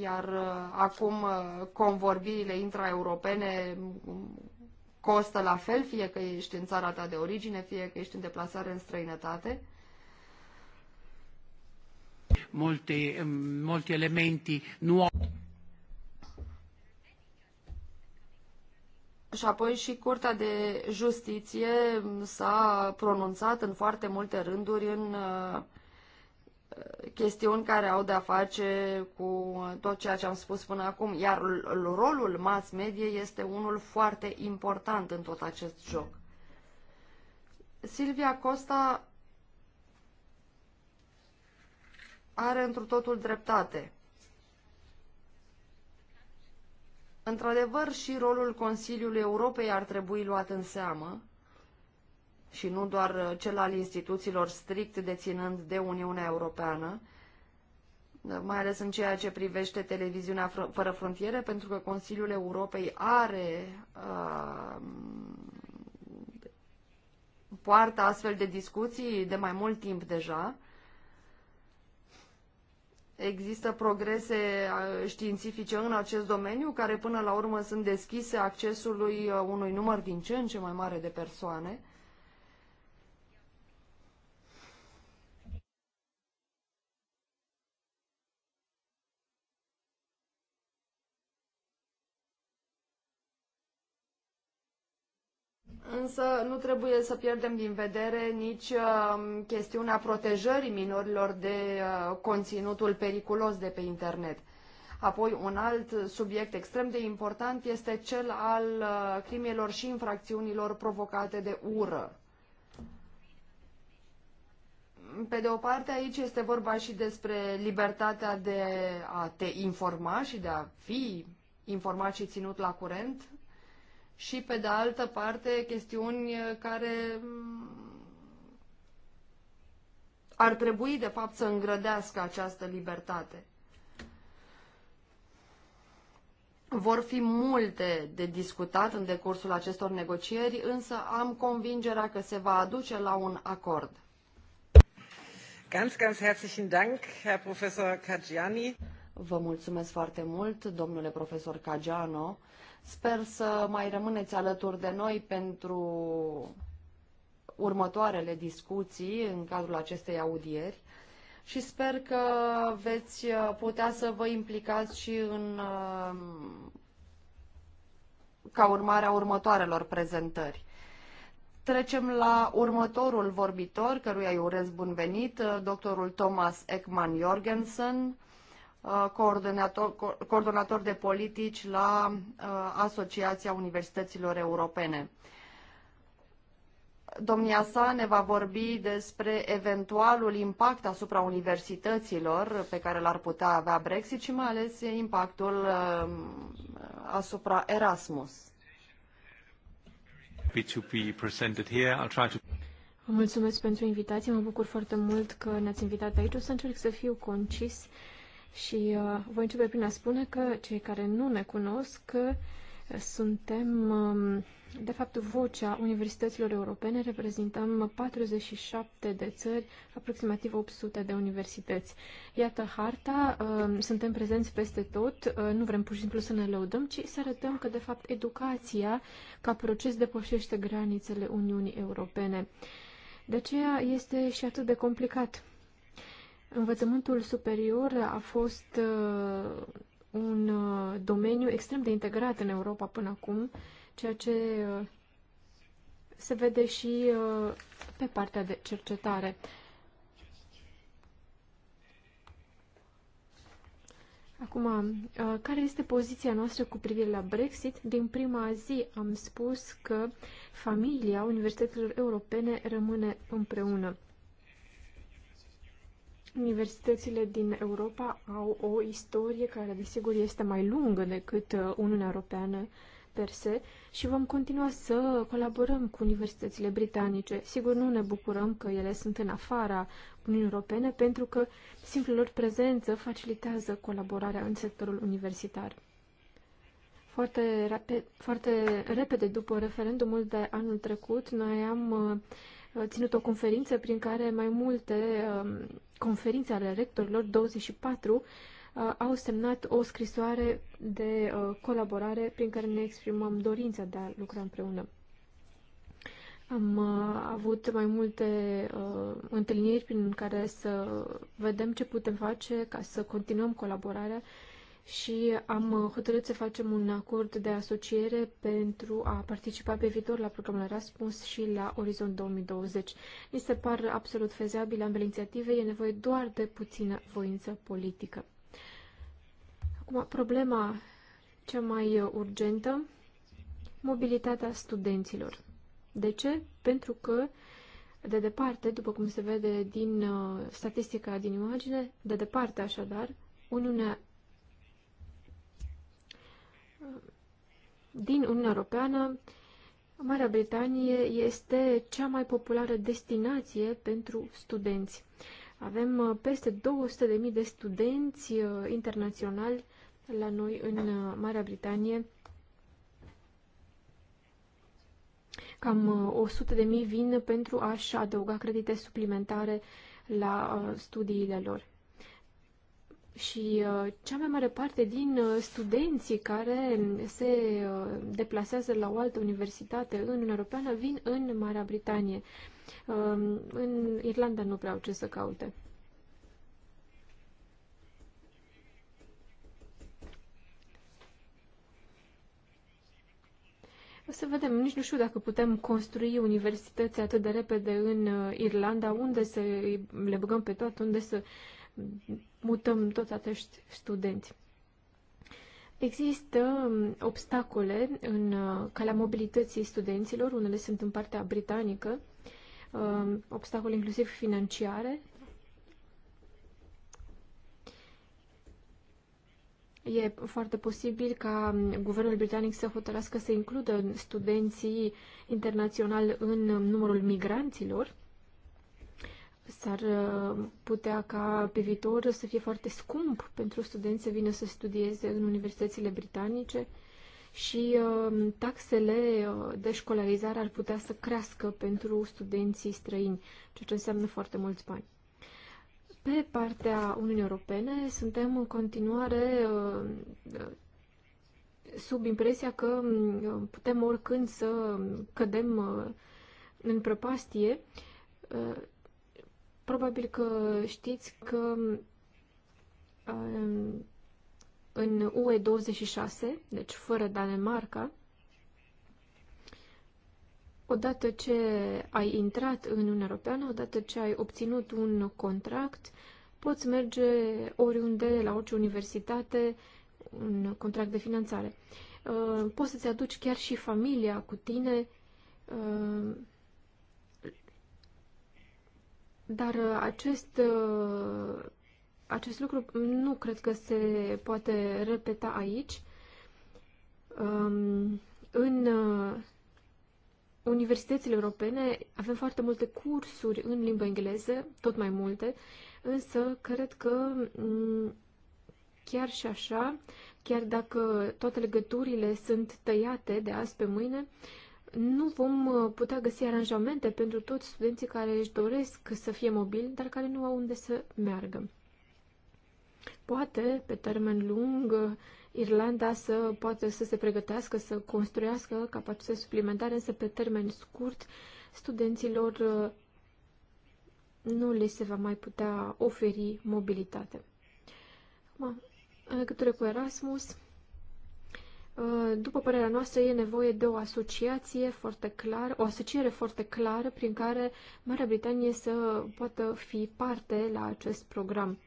iar uh, acum uh, convorbirile intraeuropene costă la fel, fie că ești în țara ta de origine, fie că ești în deplasare în străinătate. Multe, mm, multe elementi au... Și apoi și Curtea de Justiție s-a pronunțat în foarte multe rânduri în uh, chestiuni care au de-a face cu tot ceea ce am spus până acum, iar rolul mass media este unul foarte important în tot acest joc. Silvia Costa are întru totul dreptate. Într-adevăr, și rolul Consiliului Europei ar trebui luat în seamă, și nu doar uh, cel al instituțiilor strict deținând de Uniunea Europeană, uh, mai ales în ceea ce privește televiziunea fără frontiere, pentru că Consiliul Europei are uh, poartă astfel de discuții de mai mult timp deja. Există progrese uh, științifice în acest domeniu care până la urmă sunt deschise accesului unui număr din ce în ce mai mare de persoane Însă nu trebuie să pierdem din vedere nici uh, chestiunea protejării minorilor de uh, conținutul periculos de pe internet. Apoi, un alt subiect extrem de important este cel al uh, crimelor și infracțiunilor provocate de ură. Pe de o parte, aici este vorba și despre libertatea de a te informa și de a fi informat și ținut la curent și, pe de altă parte, chestiuni eh, care mm, ar trebui, de fapt, să îngrădească această libertate. Vor fi multe de discutat în decursul acestor negocieri, însă am convingerea că se va aduce la un acord. Ganz, ganz herzlichen Dank, Herr Professor Kajiani. Vă mulțumesc foarte mult, domnule profesor Cagiano Sper să mai rămâneți alături de noi pentru următoarele discuții în cadrul acestei audieri și sper că veți putea să vă implicați și în uh, ca urmare a următoarelor prezentări. Trecem la următorul vorbitor, căruia îi urez bun venit, uh, doctorul Thomas Ekman Jorgensen, Uh, coordonator, de politici la uh, Asociația Universităților Europene. Domnia sa ne va vorbi despre eventualul impact asupra universităților pe care l-ar putea avea Brexit și mai ales impactul uh, asupra Erasmus. Vă mulțumesc pentru invitație, mă bucur foarte mult că ne-ați invitat aici. O să încerc să fiu concis și uh, voi începe prin a spune că cei care nu ne cunosc că uh, suntem, um, de fapt, vocea universităților europene, reprezentăm 47 de țări, aproximativ 800 de universități. Iată harta, um, suntem prezenți peste tot, uh, nu vrem pur și simplu să ne lăudăm, ci să arătăm că, de fapt, educația ca proces depășește granițele Uniunii Europene. De aceea este și atât de complicat Învățământul superior a fost uh, un uh, domeniu extrem de integrat în Europa până acum, ceea ce uh, se vede și pe partea de cercetare. Acum, care este poziția noastră cu privire la Brexit? Din prima zi am spus că familia universităților europene rămâne împreună. Universitățile din Europa au o istorie care, desigur, este mai lungă decât uh, Uniunea Europeană per se și vom continua să colaborăm cu universitățile britanice. Sigur, nu ne bucurăm că ele sunt în afara Uniunii Europene pentru că simplul lor prezență facilitează colaborarea în sectorul universitar. Foarte, rapid, foarte repede după referendumul de anul trecut, noi am uh, ținut o conferință prin care mai multe um, conferințe ale rectorilor, 24, uh, au semnat o scrisoare de uh, colaborare prin care ne exprimăm dorința de a lucra împreună. Am uh, avut mai multe uh, întâlniri prin care să vedem ce putem face ca să continuăm colaborarea și am uh, hotărât să facem un acord de asociere pentru a participa pe viitor la programul Erasmus și la Orizont 2020. Mi se par absolut fezabile ambele inițiative, e nevoie doar de puțină voință politică. Acum, problema cea mai urgentă, mobilitatea studenților. De ce? Pentru că de departe, după cum se vede din uh, statistica din imagine, de departe așadar, Uniunea din Uniunea Europeană, Marea Britanie este cea mai populară destinație pentru studenți. Avem uh, peste 200.000 de studenți uh, internaționali la noi în uh, Marea Britanie. Cam 100.000 vin pentru a-și adăuga credite suplimentare la studiile lor și uh, cea mai mare parte din uh, studenții care se uh, deplasează la o altă universitate în Uniunea Europeană vin în Marea Britanie. Um, în Irlanda nu prea au ce să caute. O să vedem, nici nu știu dacă putem construi universități atât de repede în Irlanda, unde să le băgăm pe toate, unde să uh, mutăm toți acești studenți. Există um, obstacole în uh, calea mobilității studenților, unele sunt în partea britanică, um, obstacole inclusiv financiare. E foarte posibil ca um, guvernul britanic să hotărască să includă studenții internaționali în numărul migranților s-ar uh, putea ca pe viitor să fie foarte scump pentru studenți să vină să studieze în universitățile britanice și uh, taxele uh, de școlarizare ar putea să crească pentru studenții străini, ceea ce înseamnă foarte mulți bani. Pe partea Uniunii Europene suntem în continuare sub impresia că putem oricând să cădem în prăpastie Probabil că știți că um, în UE26, deci fără Danemarca, odată ce ai intrat în Uniunea Europeană, odată ce ai obținut un contract, poți merge oriunde, la orice universitate, un contract de finanțare. Uh, poți să-ți aduci chiar și familia cu tine uh, dar uh, acest, uh, acest lucru nu cred că se poate repeta aici. Um, în uh, universitățile europene avem foarte multe cursuri în limba engleză, tot mai multe, însă cred că mm, chiar și așa, chiar dacă toate legăturile sunt tăiate de azi pe mâine, nu vom uh, putea găsi aranjamente pentru toți studenții care își doresc să fie mobili, dar care nu au unde să meargă. Poate, pe termen lung, Irlanda să poate să se pregătească, să construiască capacități suplimentare, însă pe termen scurt, studenților uh, nu le se va mai putea oferi mobilitate. Acum, în legătură cu Erasmus, Uh, după părerea noastră, e nevoie de o asociație foarte clară, o asociere foarte clară prin care Marea Britanie să poată fi parte la acest program.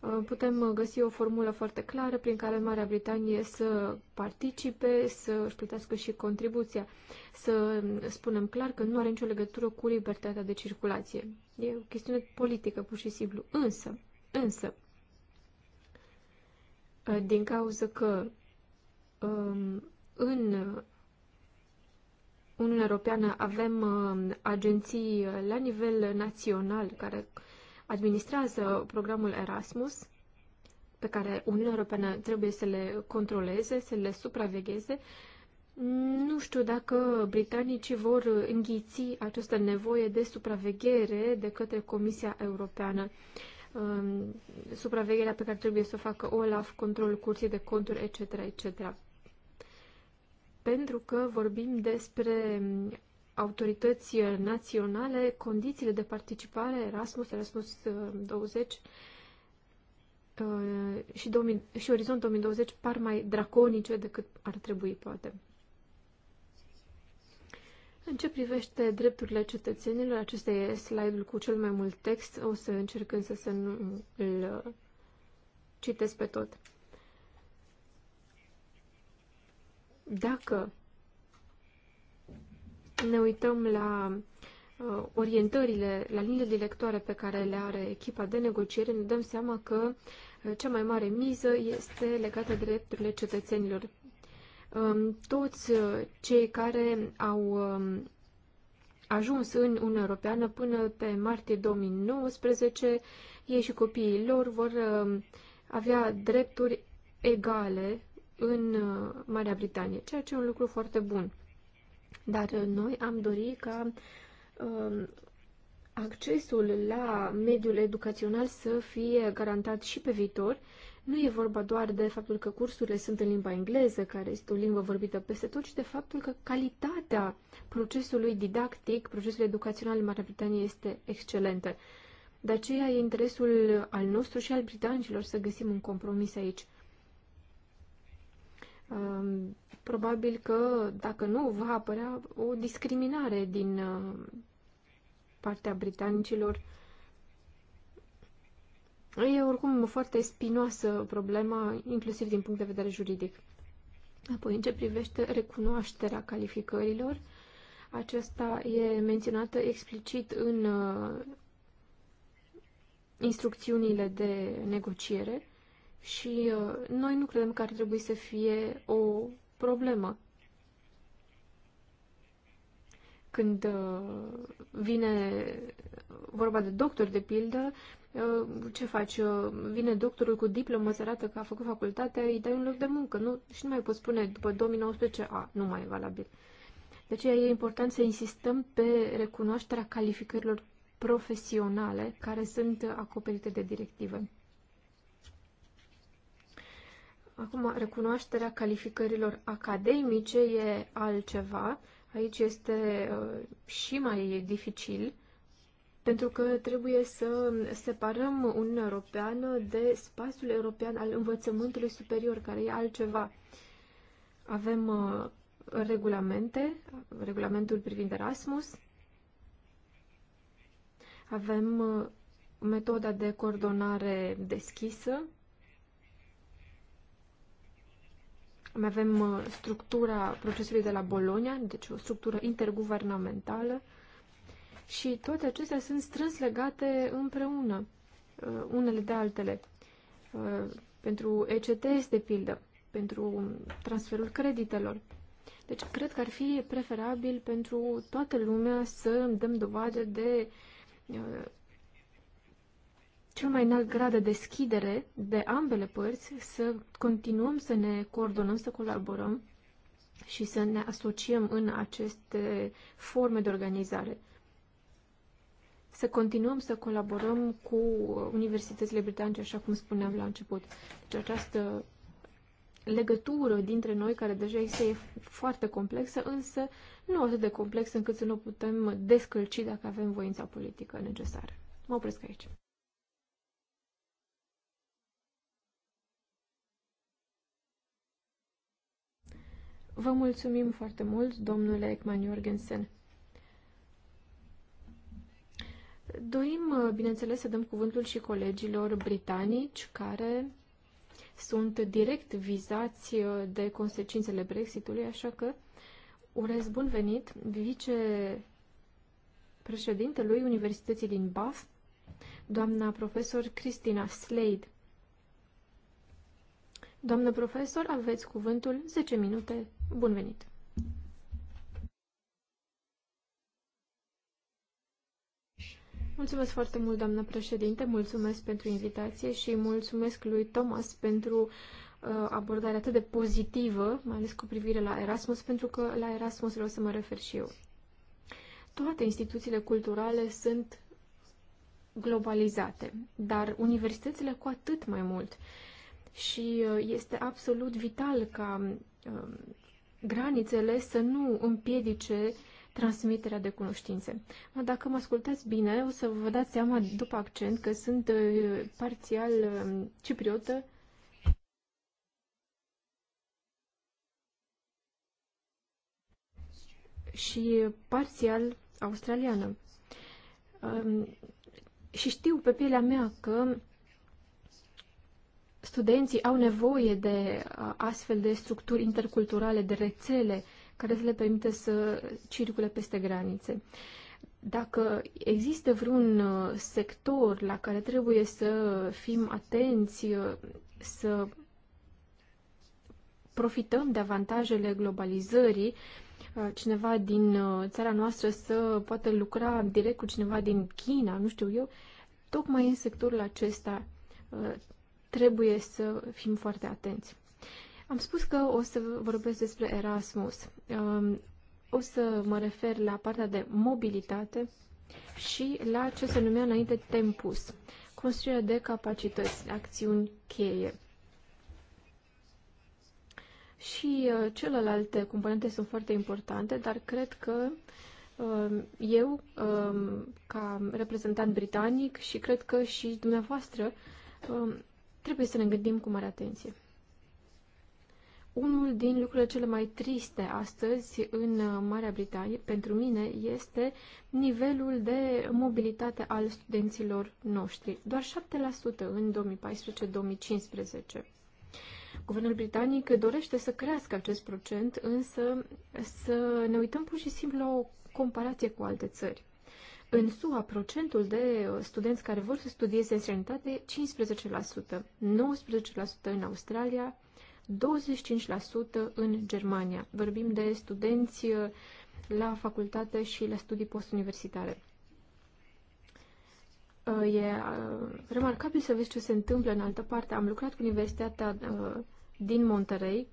Uh, putem găsi o formulă foarte clară prin care Marea Britanie să participe, să își plătească și contribuția, să spunem clar că nu are nicio legătură cu libertatea de circulație. E o chestiune politică, pur și simplu. Însă, însă, uh, din cauza că Um, în Uniunea Europeană avem um, agenții la nivel național care administrează programul Erasmus, pe care Uniunea Europeană trebuie să le controleze, să le supravegheze. Nu știu dacă britanicii vor înghiți această nevoie de supraveghere de către Comisia Europeană. Um, supravegherea pe care trebuie să o facă OLAF, controlul curții de conturi, etc., etc pentru că vorbim despre autorități naționale, condițiile de participare Erasmus, Erasmus 20 uh, uh, și, 2000, și Orizont 2020 par mai draconice decât ar trebui, poate. În ce privește drepturile cetățenilor, acesta e slide-ul cu cel mai mult text, o să încercăm să să nu îl uh, citesc pe tot. Dacă ne uităm la uh, orientările, la liniile directoare pe care le are echipa de negociere, ne dăm seama că uh, cea mai mare miză este legată de drepturile cetățenilor. Um, uh, toți cei care au uh, ajuns în Uniunea Europeană până pe martie 2019, ei și copiii lor vor um, avea drepturi egale în uh, Marea Britanie, ceea ce e un lucru foarte bun. Dar uh, noi am dorit ca um, accesul la mediul educațional să fie garantat și pe viitor. Nu e vorba doar de faptul că cursurile sunt în limba engleză, care este o limbă vorbită peste tot, ci de faptul că calitatea procesului didactic, procesului educațional în Marea Britanie este excelentă. De aceea e interesul al nostru și al britanicilor să găsim un compromis aici probabil că, dacă nu, va apărea o discriminare din uh, partea britanicilor. E oricum foarte spinoasă problema, inclusiv din punct de vedere juridic. Apoi, în ce privește recunoașterea calificărilor, aceasta e menționată explicit în uh, instrucțiunile de negociere și uh, noi nu credem că ar trebui să fie o problemă. Când uh, vine vorba de doctor, de pildă, uh, ce faci? Vine doctorul cu diplomă, se arată că a făcut facultatea, îi dai un loc de muncă. Nu, și nu mai poți spune după 2019, a, nu mai e valabil. De aceea e important să insistăm pe recunoașterea calificărilor profesionale care sunt acoperite de directivă. Acum, recunoașterea calificărilor academice e altceva. Aici este uh, și mai dificil, pentru că trebuie să separăm Uniunea Europeană de spațiul european al învățământului superior, care e altceva. Avem uh, regulamente, regulamentul privind Erasmus, avem uh, metoda de coordonare deschisă, Mai avem uh, structura procesului de la Bologna, deci o structură interguvernamentală și toate acestea sunt strâns legate împreună, uh, unele de altele. Uh, pentru ECTS, de pildă, pentru transferul creditelor. Deci, cred că ar fi preferabil pentru toată lumea să dăm dovadă de cel mai înalt grad de deschidere de ambele părți, să continuăm să ne coordonăm, să colaborăm și să ne asociem în aceste forme de organizare. Să continuăm să colaborăm cu universitățile britanice, așa cum spuneam la început. Deci această legătură dintre noi, care deja este foarte complexă, însă nu atât de complexă încât să nu putem descălci dacă avem voința politică necesară. Mă opresc aici. Vă mulțumim foarte mult, domnule Ekman Jorgensen. Dorim, uh, bineînțeles, să dăm cuvântul și colegilor britanici care sunt direct vizați uh, de consecințele Brexitului, așa că urez bun venit vicepreședintelui Universității din Bath, doamna profesor Cristina Slade. Doamnă profesor, aveți cuvântul 10 minute Bun venit! Mulțumesc foarte mult, doamnă președinte, mulțumesc pentru invitație și mulțumesc lui Thomas pentru uh, abordarea atât de pozitivă, mai ales cu privire la Erasmus, pentru că la Erasmus vreau să mă refer și eu. Toate instituțiile culturale sunt globalizate, dar universitățile cu atât mai mult. Și uh, este absolut vital ca um, granițele să nu împiedice transmiterea de cunoștințe. Dacă mă ascultați bine, o să vă dați seama după accent că sunt uh, parțial uh, cipriotă. și parțial australiană. Um, și știu pe pielea mea că studenții au nevoie de uh, astfel de structuri interculturale, de rețele care să le permită să circule peste granițe. Dacă există vreun uh, sector la care trebuie să fim atenți, uh, să profităm de avantajele globalizării, cineva din țara noastră să poată lucra direct cu cineva din China, nu știu eu, tocmai în sectorul acesta trebuie să fim foarte atenți. Am spus că o să vorbesc despre Erasmus. Um, o să mă refer la partea de mobilitate și la ce se numea înainte tempus, construirea de capacități, acțiuni cheie. Și uh, celelalte componente sunt foarte importante, dar cred că um, eu, um, ca reprezentant britanic și cred că și dumneavoastră, Trebuie să ne gândim cu mare atenție. Unul din lucrurile cele mai triste astăzi în uh, Marea Britanie, pentru mine, este nivelul de mobilitate al studenților noștri. Doar 7% în 2014-2015. Guvernul britanic dorește să crească acest procent, însă să ne uităm pur și simplu la o comparație cu alte țări. În SUA, procentul de uh, studenți care vor să studieze în străinătate, 15%, 19% în Australia, 25% în Germania. Vorbim de studenți uh, la facultate și la studii postuniversitare. Uh, e remarcabil să vezi ce se întâmplă în altă parte. Am lucrat cu Universitatea din Monterey,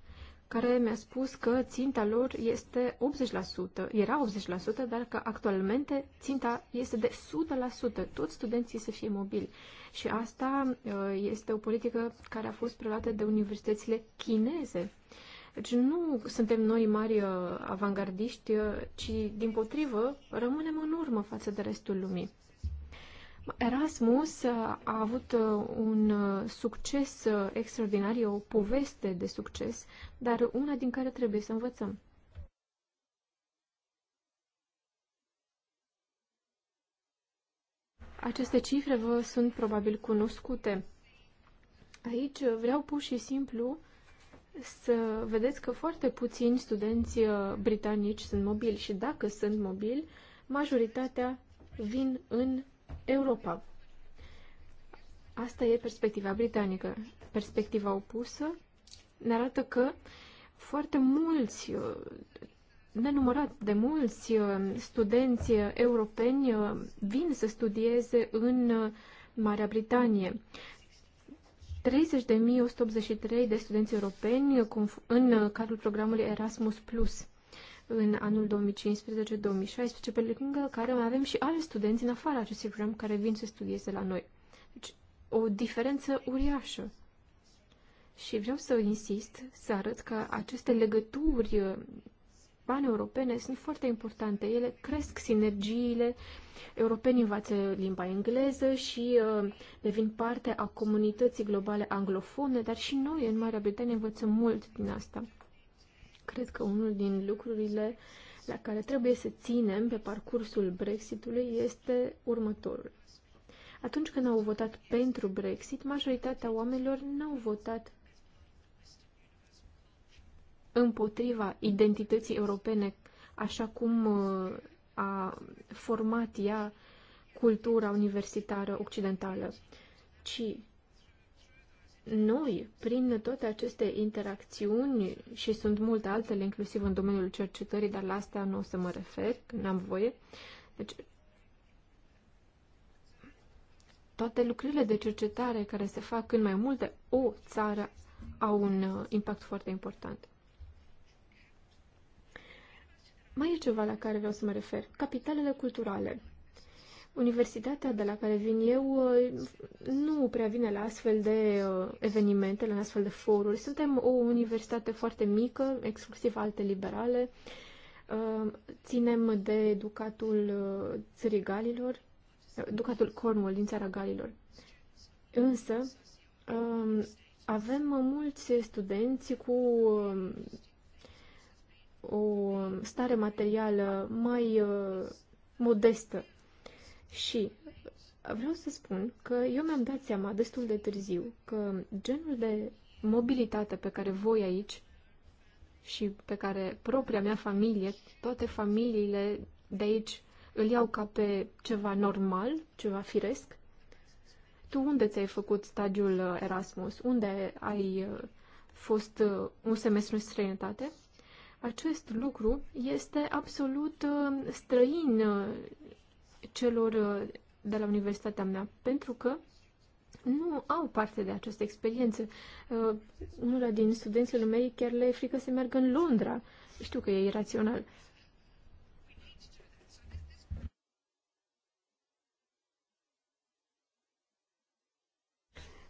care mi-a spus că ținta lor este 80%, era 80%, dar că actualmente ținta este de 100%, toți studenții să fie mobili. Și asta uh, este o politică care a fost preluată de universitățile chineze. Deci nu suntem noi mari uh, avangardiști, uh, ci din potrivă rămânem în urmă față de restul lumii. Erasmus a avut uh, un uh, succes uh, extraordinar, e o poveste de succes, dar una din care trebuie să învățăm. Aceste cifre vă sunt probabil cunoscute. Aici vreau pur și simplu să vedeți că foarte puțini studenți britanici sunt mobili și dacă sunt mobili, majoritatea vin în Europa. Asta e perspectiva britanică. Perspectiva opusă ne arată că foarte mulți, uh, nenumărat de mulți uh, studenți uh, europeni vin să studieze în Marea Britanie. 30.183 de studenți europeni în cadrul programului Erasmus+ în anul 2015-2016, pe lângă care mai avem și alți studenți în afara acestui program care vin să studieze la noi. Deci, o diferență uriașă. Și vreau să insist, să arăt că aceste legături uh, pan-europene sunt foarte importante. Ele cresc sinergiile, europenii învață limba engleză și uh, devin parte a comunității globale anglofone, dar și noi în Marea Britanie învățăm mult din asta. Cred că unul din lucrurile la care trebuie să ținem pe parcursul Brexitului este următorul. Atunci când au votat pentru Brexit, majoritatea oamenilor n-au votat împotriva identității europene, așa cum uh, a format ea cultura universitară occidentală, ci noi, prin toate aceste interacțiuni, și sunt multe altele, inclusiv în domeniul cercetării, dar la asta nu o să mă refer, că n-am voie, deci toate lucrurile de cercetare care se fac în mai multe o țară au un uh, impact foarte important. Mai e ceva la care vreau să mă refer. Capitalele culturale. Universitatea de la care vin eu uh, nu prea vine la astfel de uh, evenimente, la astfel de foruri. Suntem o universitate foarte mică, exclusiv alte liberale. Uh, ținem de ducatul țării Galilor, ducatul Cornwall din țara Galilor. Însă, um, avem mulți studenți cu um, o stare materială mai modestă și vreau să spun că eu mi-am dat seama destul de târziu că genul de mobilitate pe care voi aici și pe care propria mea familie, toate familiile de aici îl iau ca pe ceva normal, ceva firesc. Tu unde ți-ai făcut stagiul uh, Erasmus? Unde ai uh, fost uh, un semestru în străinătate? Acest lucru este absolut străin celor uh, de la universitatea mea, pentru că nu au parte de această experiență. Uh, unul din studenților mei chiar le e frică să meargă în Londra. Știu că e irațional.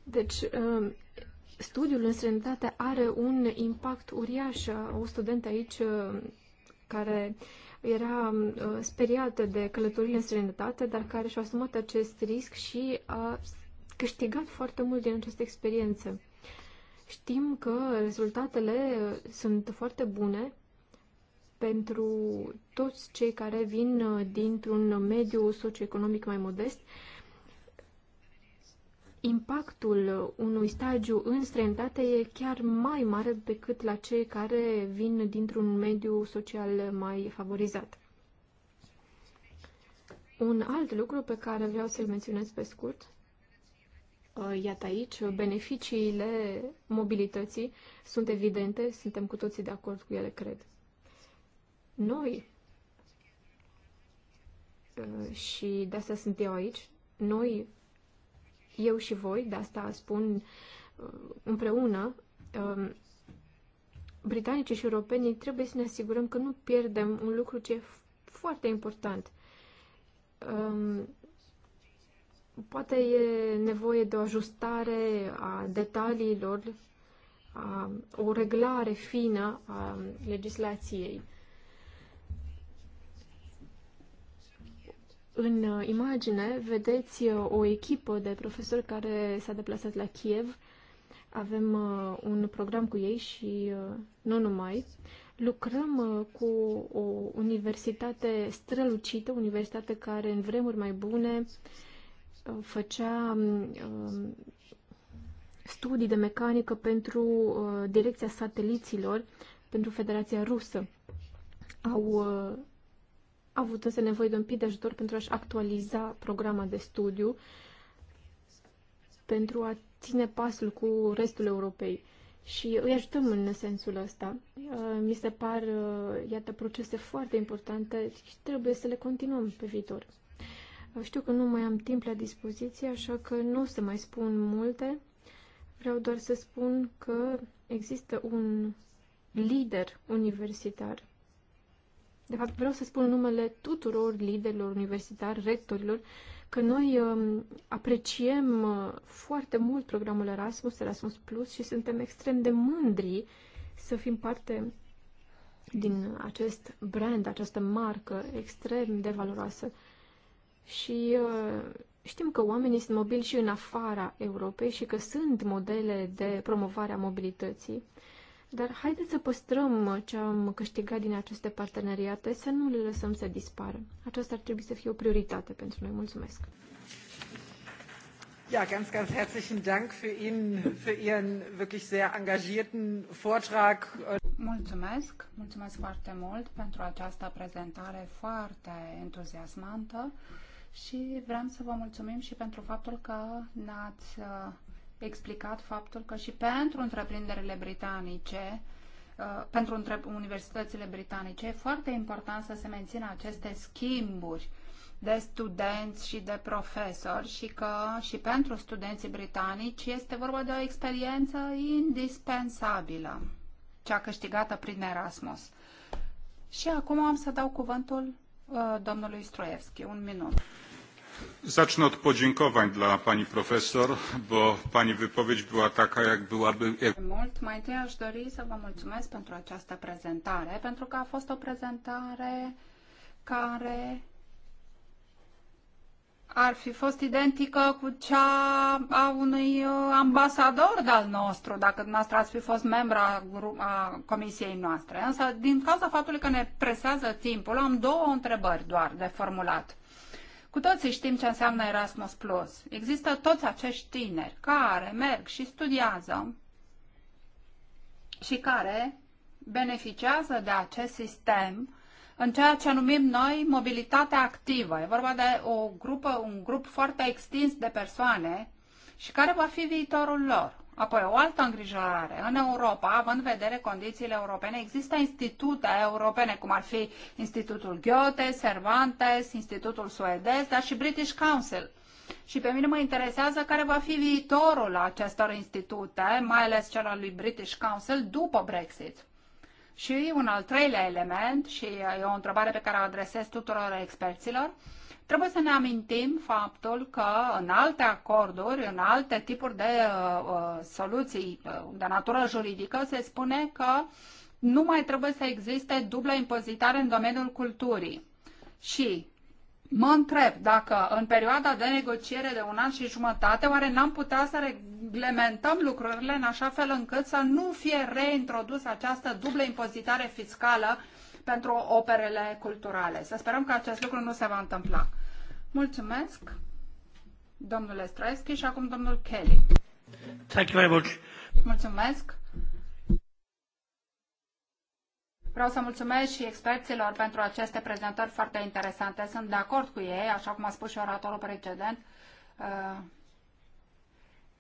Deci, uh, studiul în străinătate are un impact uriaș. O studentă aici uh, care uh, era uh, speriată de călătorile în străinătate, dar care și-a asumat acest risc și a câștigat foarte mult din această experiență. Știm că rezultatele uh, sunt foarte bune pentru toți cei care vin uh, dintr-un mediu socioeconomic mai modest, impactul unui stagiu în străinătate e chiar mai mare decât la cei care vin dintr-un mediu social mai favorizat. Un alt lucru pe care vreau să-l menționez pe scurt, uh, iată aici, beneficiile mobilității sunt evidente, suntem cu toții de acord cu ele, cred. Noi, uh, și de asta sunt eu aici, noi eu și voi, de asta spun uh, împreună, um, britanicii și europenii trebuie să ne asigurăm că nu pierdem un lucru ce e foarte important. Um, poate e nevoie de o ajustare a detaliilor, a, o reglare fină a legislației În uh, imagine vedeți uh, o echipă de profesori care s-a deplasat la Kiev. Avem uh, un program cu ei și nu numai. Lucrăm cu o universitate strălucită, universitate care în vremuri mai bune făcea um, studii de mecanică pentru direcția sateliților pentru Federația Rusă. Au avut însă nevoie de un pic de ajutor pentru a-și actualiza programa de studiu pentru a ține pasul cu restul Europei. Și îi ajutăm în sensul ăsta. Uh, mi se par, uh, iată, procese foarte importante și trebuie să le continuăm pe viitor. Uh, știu că nu mai am timp la dispoziție, așa că nu o să mai spun multe. Vreau doar să spun că există un lider universitar de fapt, vreau să spun numele tuturor liderilor universitari, rectorilor, că noi um, apreciem uh, foarte mult programul Erasmus, Erasmus Plus și suntem extrem de mândri să fim parte din acest brand, această marcă extrem de valoroasă. Și uh, știm că oamenii sunt mobili și în afara Europei și că sunt modele de promovare a mobilității. Dar haideți să păstrăm ce am câștigat din aceste parteneriate, să nu le lăsăm să dispară. Aceasta ar trebui să fie o prioritate pentru noi. Mulțumesc! Ja, ganz, ganz herzlichen Dank für Ihnen, für Ihren wirklich sehr engagierten Vortrag. Mulțumesc, mulțumesc foarte mult pentru această prezentare foarte entuziasmantă și vrem să vă mulțumim și pentru faptul că ne-ați explicat faptul că și pentru întreprinderile britanice, uh, pentru universitățile britanice, e foarte important să se mențină aceste schimburi de studenți și de profesori și că și pentru studenții britanici este vorba de o experiență indispensabilă, cea câștigată prin Erasmus. Și acum am să dau cuvântul uh, domnului Stroievski. Un minut. Zacznę od podziękowań dla pani profesor, bo pani wypowiedź była taka, jak byłaby... Mult. Mai întâi aș dori să vă mulțumesc pentru această prezentare, pentru că a fost o prezentare care ar fi fost identică cu cea a unui uh, ambasador de-al nostru, dacă dumneavoastră ați fi fost membra a comisiei noastre. Însă, din cauza faptului că ne presează timpul, am două întrebări doar de formulat. Cu toții știm ce înseamnă Erasmus+. Plus. Există toți acești tineri care merg și studiază și care beneficiază de acest sistem în ceea ce numim noi mobilitatea activă. E vorba de o grupă, un grup foarte extins de persoane și care va fi viitorul lor. Apoi, o altă îngrijorare. În Europa, având în vedere condițiile europene, există institute europene, cum ar fi Institutul Goethe, Cervantes, Institutul Suedez, dar și British Council. Și pe mine mă interesează care va fi viitorul acestor institute, mai ales cel al lui British Council, după Brexit. Și un al treilea element, și e o întrebare pe care o adresez tuturor experților, Trebuie să ne amintim faptul că în alte acorduri, în alte tipuri de uh, uh soluții uh, de natură juridică, se spune că nu mai trebuie să existe dublă impozitare în domeniul culturii. Și mă întreb dacă în perioada de negociere de un an și jumătate, oare n-am putea să reglementăm lucrurile în așa fel încât să nu fie reintrodusă această dublă impozitare fiscală pentru operele culturale. Să sperăm că acest lucru nu se va întâmpla. Mulțumesc, domnule Straeschi și acum domnul Kelly. Thank you very much. Mulțumesc. Vreau să mulțumesc și experților pentru aceste prezentări foarte interesante. Sunt de acord cu ei, așa cum a spus și oratorul precedent. Uh,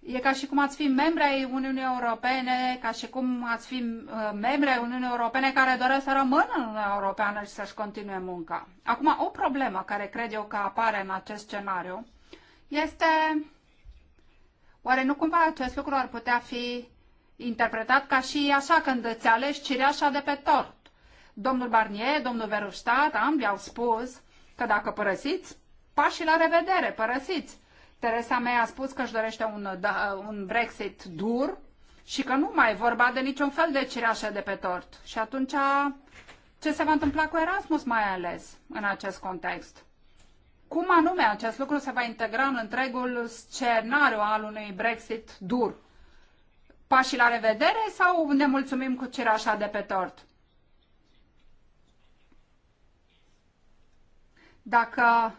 E ca și cum ați fi membri ai Uniunii Europene, ca și cum ați fi uh, membri ai Uniunii Europene care doresc să rămână în Uniunea Europeană și să-și continue munca. Acum, o problemă care cred eu că apare în acest scenariu este oare nu cumva acest lucru ar putea fi interpretat ca și așa când îți alegi cireașa de pe tort? Domnul Barnier, domnul Verustat, ambii au spus că dacă părăsiți, pașii la revedere, părăsiți. Teresa May a spus că își dorește un, da, un Brexit dur și că nu mai e vorba de niciun fel de cireașă de pe tort. Și atunci, ce se va întâmpla cu Erasmus mai ales în acest context? Cum anume acest lucru se va integra în întregul scenariu al unui Brexit dur? Pașii la revedere sau ne mulțumim cu cireașa de pe tort? Dacă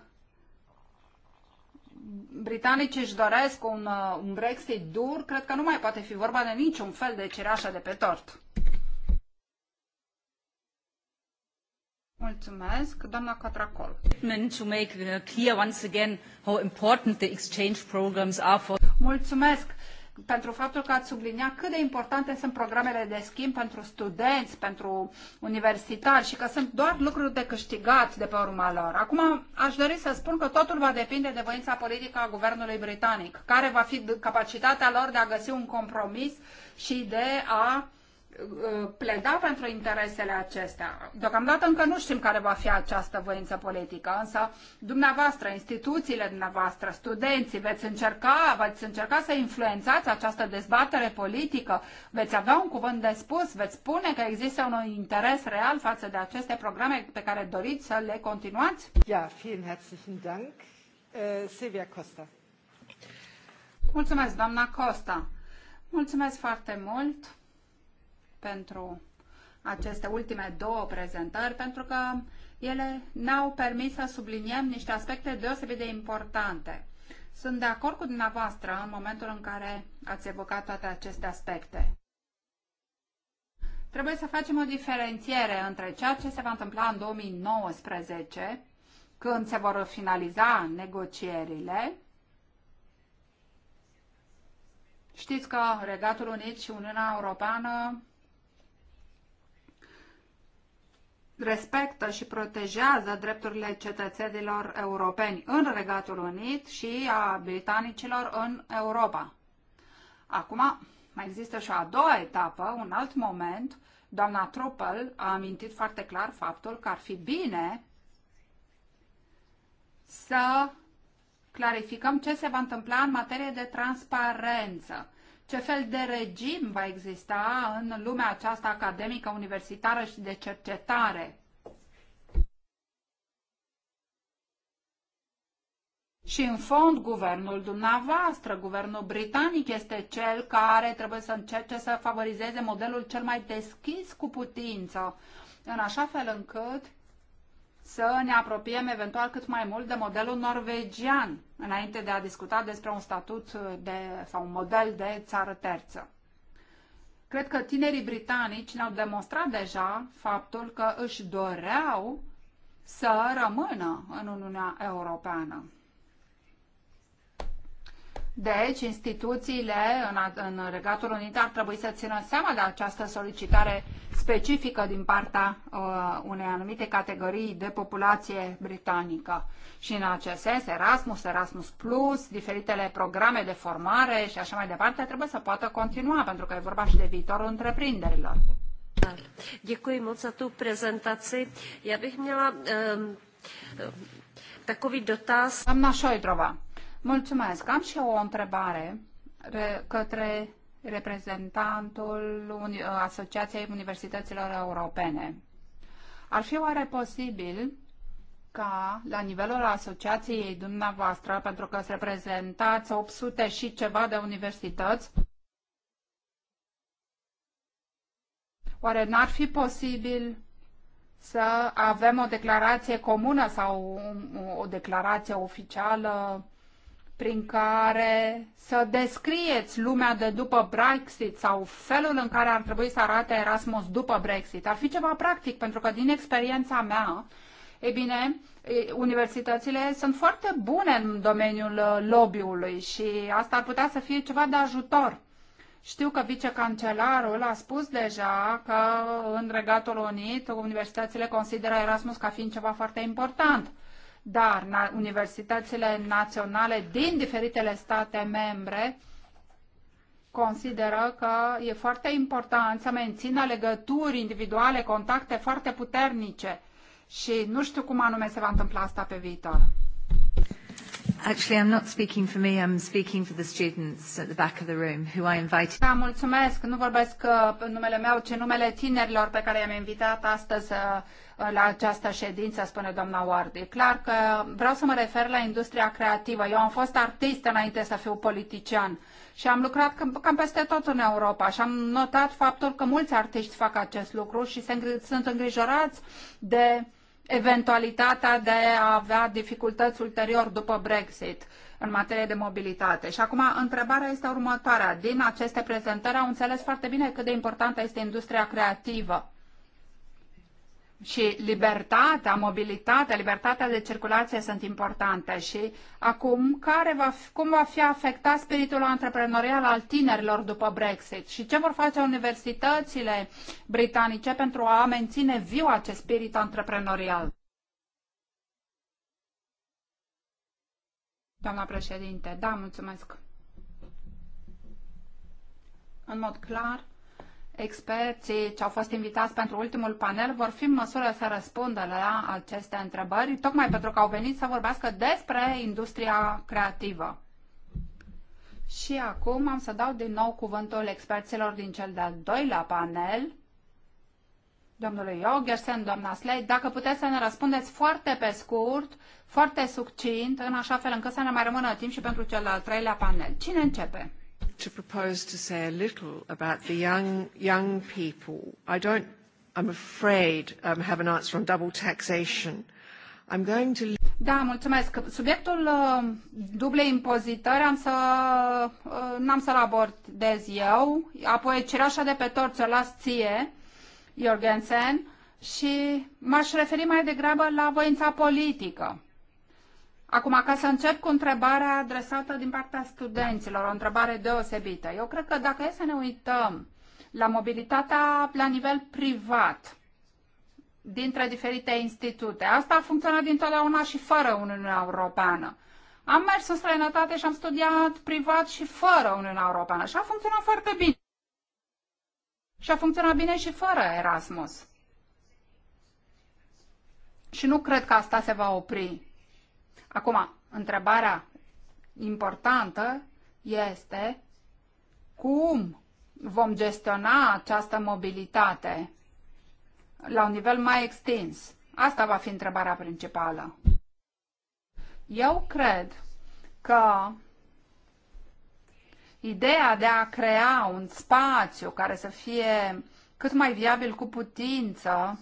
britanicii își doresc un, uh, un Brexit dur, cred că nu mai poate fi vorba de niciun fel de cireașă de pe tort. Mulțumesc, doamna Catracol. To make uh, clear once again how important the exchange programs are for... Mulțumesc pentru faptul că ați subliniat cât de importante sunt programele de schimb pentru studenți, pentru universitari și că sunt doar lucruri de câștigat de pe urma lor. Acum aș dori să spun că totul va depinde de voința politică a guvernului britanic, care va fi capacitatea lor de a găsi un compromis și de a uh, Uh, pleda pentru interesele acestea. Deocamdată încă nu știm care va fi această voință politică, însă dumneavoastră, instituțiile dumneavoastră, studenții, veți încerca, veți încerca să influențați această dezbatere politică, veți avea un cuvânt de spus, veți spune că există un interes real față de aceste programe pe care doriți să le continuați? Ja, vielen herzlichen Dank. Äh, Silvia Costa. Mulțumesc, doamna Costa. Mulțumesc foarte mult pentru aceste ultime două prezentări, pentru că ele ne-au permis să subliniem niște aspecte deosebit de importante. Sunt de acord cu dumneavoastră în momentul în care ați evocat toate aceste aspecte. Trebuie să facem o diferențiere între ceea ce se va întâmpla în 2019, când se vor finaliza negocierile. Știți că Regatul Unit și Uniunea Europeană respectă și protejează drepturile cetățenilor europeni în Regatul Unit și a britanicilor în Europa. Acum, mai există și a doua etapă, un alt moment. Doamna Truppel a amintit foarte clar faptul că ar fi bine să clarificăm ce se va întâmpla în materie de transparență ce fel de regim va exista în lumea aceasta academică, universitară și de cercetare. Și în fond, guvernul dumneavoastră, guvernul britanic, este cel care trebuie să încerce să favorizeze modelul cel mai deschis cu putință, în așa fel încât să ne apropiem eventual cât mai mult de modelul norvegian, înainte de a discuta despre un statut de, sau un model de țară terță. Cred că tinerii britanici ne-au demonstrat deja faptul că își doreau să rămână în Uniunea Europeană. Deci, instituțiile în, în Regatul Unit ar trebui să țină seama de această solicitare specifică din partea uh, unei anumite categorii de populație britanică. Și în acest sens, Erasmus, Erasmus Plus, diferitele programe de formare și așa mai departe trebuie să poată continua, pentru că e vorba și de viitorul întreprinderilor. Děkuji moc za tu prezentaci. Já bych měla um, takový dotaz. na Šojdrova. Mulțumesc. Am și eu o întrebare către reprezentantul uh, Asociației Universităților Europene. Ar fi oare posibil ca la nivelul asociației dumneavoastră, pentru că îți reprezentați 800 și ceva de universități, oare n-ar fi posibil să avem o declarație comună sau o declarație oficială prin care să descrieți lumea de după Brexit sau felul în care ar trebui să arate Erasmus după Brexit. Ar fi ceva practic, pentru că din experiența mea, e bine, universitățile sunt foarte bune în domeniul uh, lobby-ului și asta ar putea să fie ceva de ajutor. Știu că vicecancelarul a spus deja că în Regatul Unit universitățile consideră Erasmus ca fiind ceva foarte important dar na, universitățile naționale din diferitele state membre consideră că e foarte important să mențină legături individuale, contacte foarte puternice și nu știu cum anume se va întâmpla asta pe viitor. Actually, I'm not speaking for me, I'm speaking for the students at the back of the room who I invited. Da, mulțumesc, nu vorbesc uh, în numele meu, ci numele tinerilor pe care i-am invitat astăzi uh, la această ședință, spune doamna Ward. E clar că vreau să mă refer la industria creativă. Eu am fost artist înainte să fiu politician și am lucrat cam peste tot în Europa și am notat faptul că mulți artiști fac acest lucru și sunt îngrijorați de eventualitatea de a avea dificultăți ulterior după Brexit în materie de mobilitate. Și acum, întrebarea este următoarea. Din aceste prezentări au înțeles foarte bine cât de importantă este industria creativă și libertatea, mobilitatea, libertatea de circulație sunt importante și acum care va, cum va fi afectat spiritul antreprenorial al tinerilor după Brexit și ce vor face universitățile britanice pentru a menține viu acest spirit antreprenorial? Doamna președinte, da, mulțumesc. În mod clar, experții ce au fost invitați pentru ultimul panel vor fi în măsură să răspundă la aceste întrebări, tocmai pentru că au venit să vorbească despre industria creativă. Și acum am să dau din nou cuvântul experților din cel de-al doilea panel, domnului Iogersen, doamna Slei, dacă puteți să ne răspundeți foarte pe scurt, foarte succint, în așa fel încât să ne mai rămână timp și pentru cel de-al treilea panel. Cine începe? to propose to say a little about the young, young people. I don't, I'm afraid, um, have an answer on double taxation. I'm going to... Da, mulțumesc. Subiectul uh, dublei impozitări am să, uh, n-am să-l abordez eu. Apoi cireașa de pe torță la las ție, Jorgensen, și m-aș referi mai degrabă la voința politică. Acum, ca să încep cu întrebarea adresată din partea studenților, o întrebare deosebită. Eu cred că dacă e să ne uităm la mobilitatea la nivel privat dintre diferite institute, asta a funcționat dintotdeauna și fără Uniunea Europeană. Am mers în străinătate și am studiat privat și fără Uniunea Europeană și a funcționat foarte bine. Și a funcționat bine și fără Erasmus. Și nu cred că asta se va opri Acum, întrebarea importantă este cum vom gestiona această mobilitate la un nivel mai extins. Asta va fi întrebarea principală. Eu cred că ideea de a crea un spațiu care să fie cât mai viabil cu putință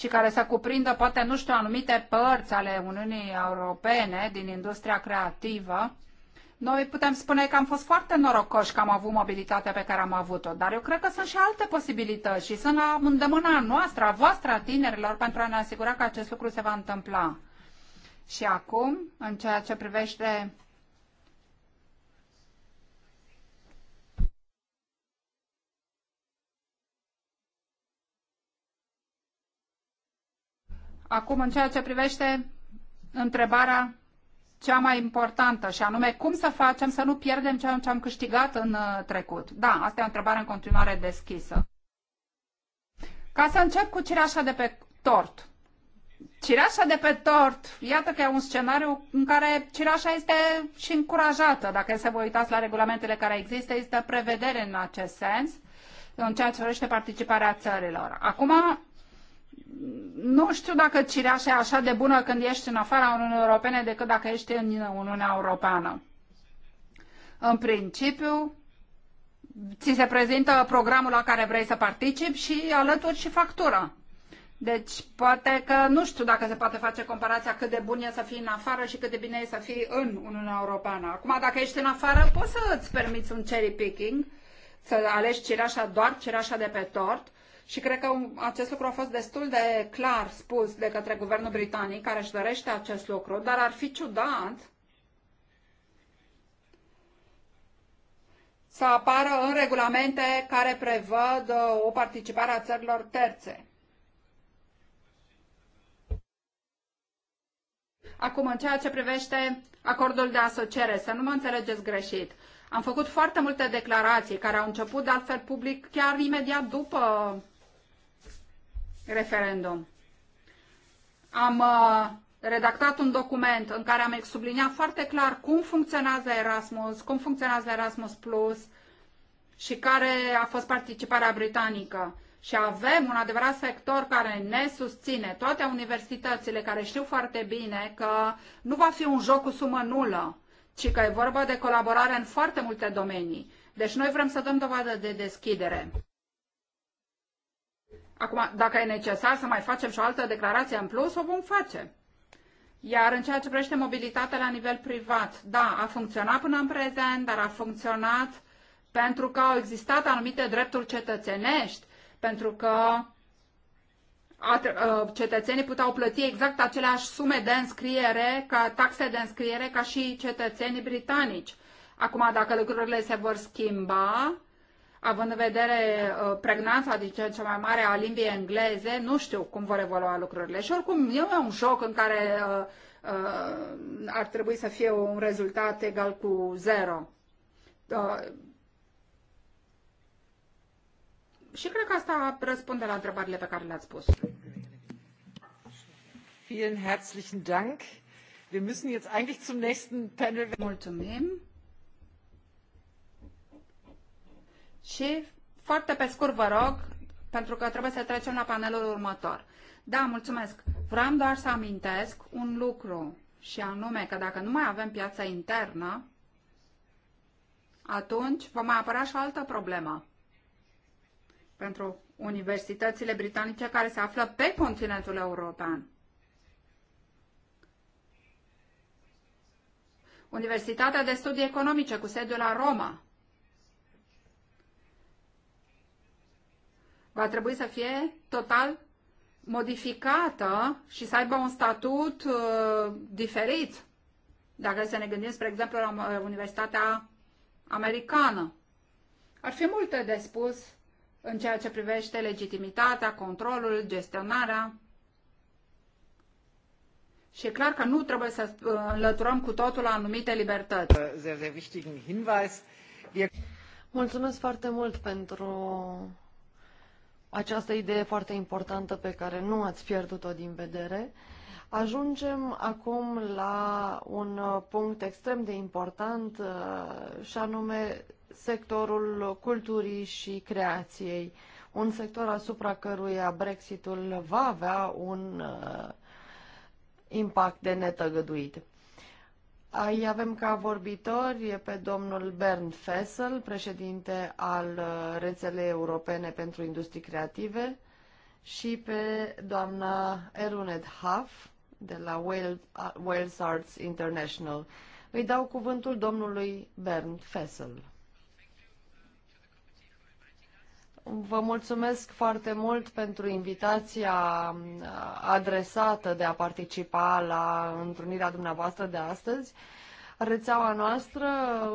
și care să cuprindă poate, nu știu, anumite părți ale Uniunii Europene din industria creativă, noi putem spune că am fost foarte norocoși că am avut mobilitatea pe care am avut-o, dar eu cred că sunt și alte posibilități și sunt la îndemâna noastră, a voastră, a tinerilor, pentru a ne asigura că acest lucru se va întâmpla. Și acum, în ceea ce privește Acum, în ceea ce privește întrebarea cea mai importantă și anume cum să facem să nu pierdem ceea ce am câștigat în uh, trecut. Da, asta e o întrebare în continuare deschisă. Ca să încep cu cireașa de pe tort. Cireașa de pe tort, iată că e un scenariu în care cireașa este și încurajată. Dacă se vă uitați la regulamentele care există, există prevedere în acest sens, în ceea ce privește participarea țărilor. Acum, nu știu dacă cireașa e așa de bună când ești în afara Uniunii Europene decât dacă ești în Uniunea Europeană. În principiu, ți se prezintă programul la care vrei să participi și alături și factura. Deci, poate că nu știu dacă se poate face comparația cât de bun e să fii în afară și cât de bine e să fii în Uniunea Europeană. Acum, dacă ești în afară, poți să îți permiți un cherry picking, să alegi cireașa doar cireașa de pe tort, și cred că acest lucru a fost destul de clar spus de către guvernul britanic care își dorește acest lucru, dar ar fi ciudat să apară în regulamente care prevăd uh, o participare a țărilor terțe. Acum, în ceea ce privește acordul de asociere, să nu mă înțelegeți greșit. Am făcut foarte multe declarații care au început de altfel public chiar imediat după referendum. Am uh, redactat un document în care am subliniat foarte clar cum funcționează Erasmus, cum funcționează Erasmus Plus și care a fost participarea britanică. Și avem un adevărat sector care ne susține, toate universitățile care știu foarte bine că nu va fi un joc cu sumă nulă, ci că e vorba de colaborare în foarte multe domenii. Deci noi vrem să dăm dovadă de deschidere. Acum, dacă e necesar să mai facem și o altă declarație în plus, o vom face. Iar în ceea ce privește mobilitatea la nivel privat, da, a funcționat până în prezent, dar a funcționat pentru că au existat anumite drepturi cetățenești, pentru că uh, cetățenii puteau plăti exact aceleași sume de înscriere, ca taxe de înscriere, ca și cetățenii britanici. Acum, dacă lucrurile se vor schimba, având în vedere uh, pregnanța din ce în ce mai mare a limbii engleze, nu știu cum vor evolua lucrurile. Și oricum, eu e un joc în care uh, uh, ar trebui să fie un rezultat egal cu zero. Uh, și cred că asta răspunde la întrebările pe care le-ați pus. Vielen herzlichen Dank. Wir müssen jetzt eigentlich zum nächsten Panel. Mulțumim. Și foarte pe scurt vă rog, pentru că trebuie să trecem la panelul următor. Da, mulțumesc. Vreau doar să amintesc un lucru și anume că dacă nu mai avem piața internă, atunci va mai apărea și o altă problemă pentru universitățile britanice care se află pe continentul european. Universitatea de Studii Economice cu sediul la Roma va trebui să fie total modificată și să aibă un statut uh, diferit. Dacă să ne gândim, spre exemplu, la uh, Universitatea Americană. Ar fi multe de spus în ceea ce privește legitimitatea, controlul, gestionarea. Și e clar că nu trebuie să uh, înlăturăm cu totul anumite libertăți. Mulțumesc foarte mult pentru această idee foarte importantă pe care nu ați pierdut-o din vedere. Ajungem acum la un uh, punct extrem de important uh, și anume sectorul culturii și creației, un sector asupra căruia Brexitul va avea un uh, impact de netăgăduit. Aici avem ca vorbitori pe domnul Bern Fessel, președinte al uh, rețelei europene pentru industrii creative, și pe doamna Erunet Haf de la uh, Wales Arts International. Îi dau cuvântul domnului Bernd Fessel. Vă mulțumesc foarte mult pentru invitația uh, adresată de a participa la întrunirea dumneavoastră de astăzi. Rețeaua noastră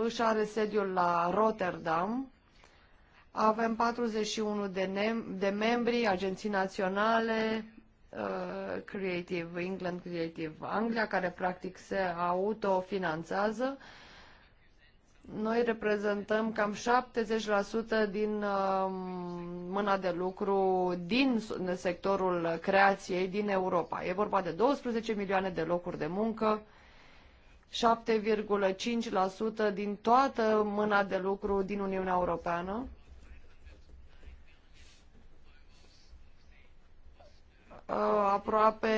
își are sediul la Rotterdam. Avem 41 de, de membri, agenții naționale, uh, Creative England, Creative Anglia, care practic se autofinanțează. Noi reprezentăm cam 70% din uh, mâna de lucru din sectorul creației din Europa. E vorba de 12 milioane de locuri de muncă, 7,5% din toată mâna de lucru din Uniunea Europeană. Uh, aproape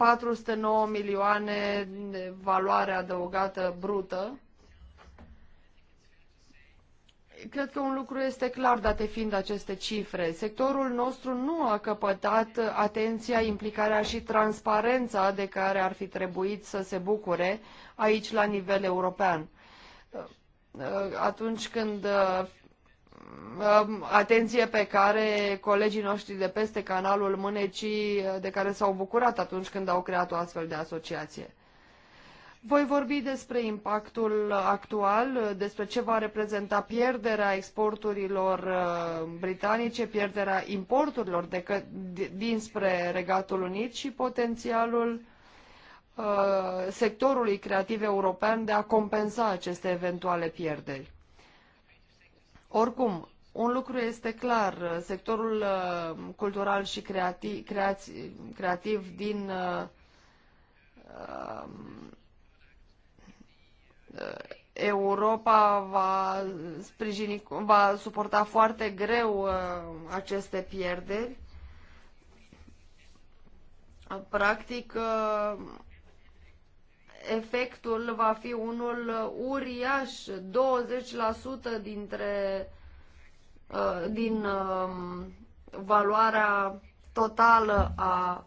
409 milioane de valoare adăugată brută. Cred că un lucru este clar, date fiind aceste cifre. Sectorul nostru nu a căpătat atenția, implicarea și transparența de care ar fi trebuit să se bucure aici la nivel european atunci când Um, atenție pe care colegii noștri de peste canalul Mânecii, uh, de care s-au bucurat atunci când au creat o astfel de asociație. Voi vorbi despre impactul actual, uh, despre ce va reprezenta pierderea exporturilor uh, britanice, pierderea importurilor de că, dinspre Regatul Unit și potențialul uh, sectorului creativ european de a compensa aceste eventuale pierderi. Oricum, un lucru este clar, sectorul uh, cultural și creativ, creați, creativ din uh, um, uh, Europa va, sprijini, va suporta foarte greu aceste pierderi. Practic, efectul va fi unul uh, uriaș, 20% dintre uh, din um, valoarea totală a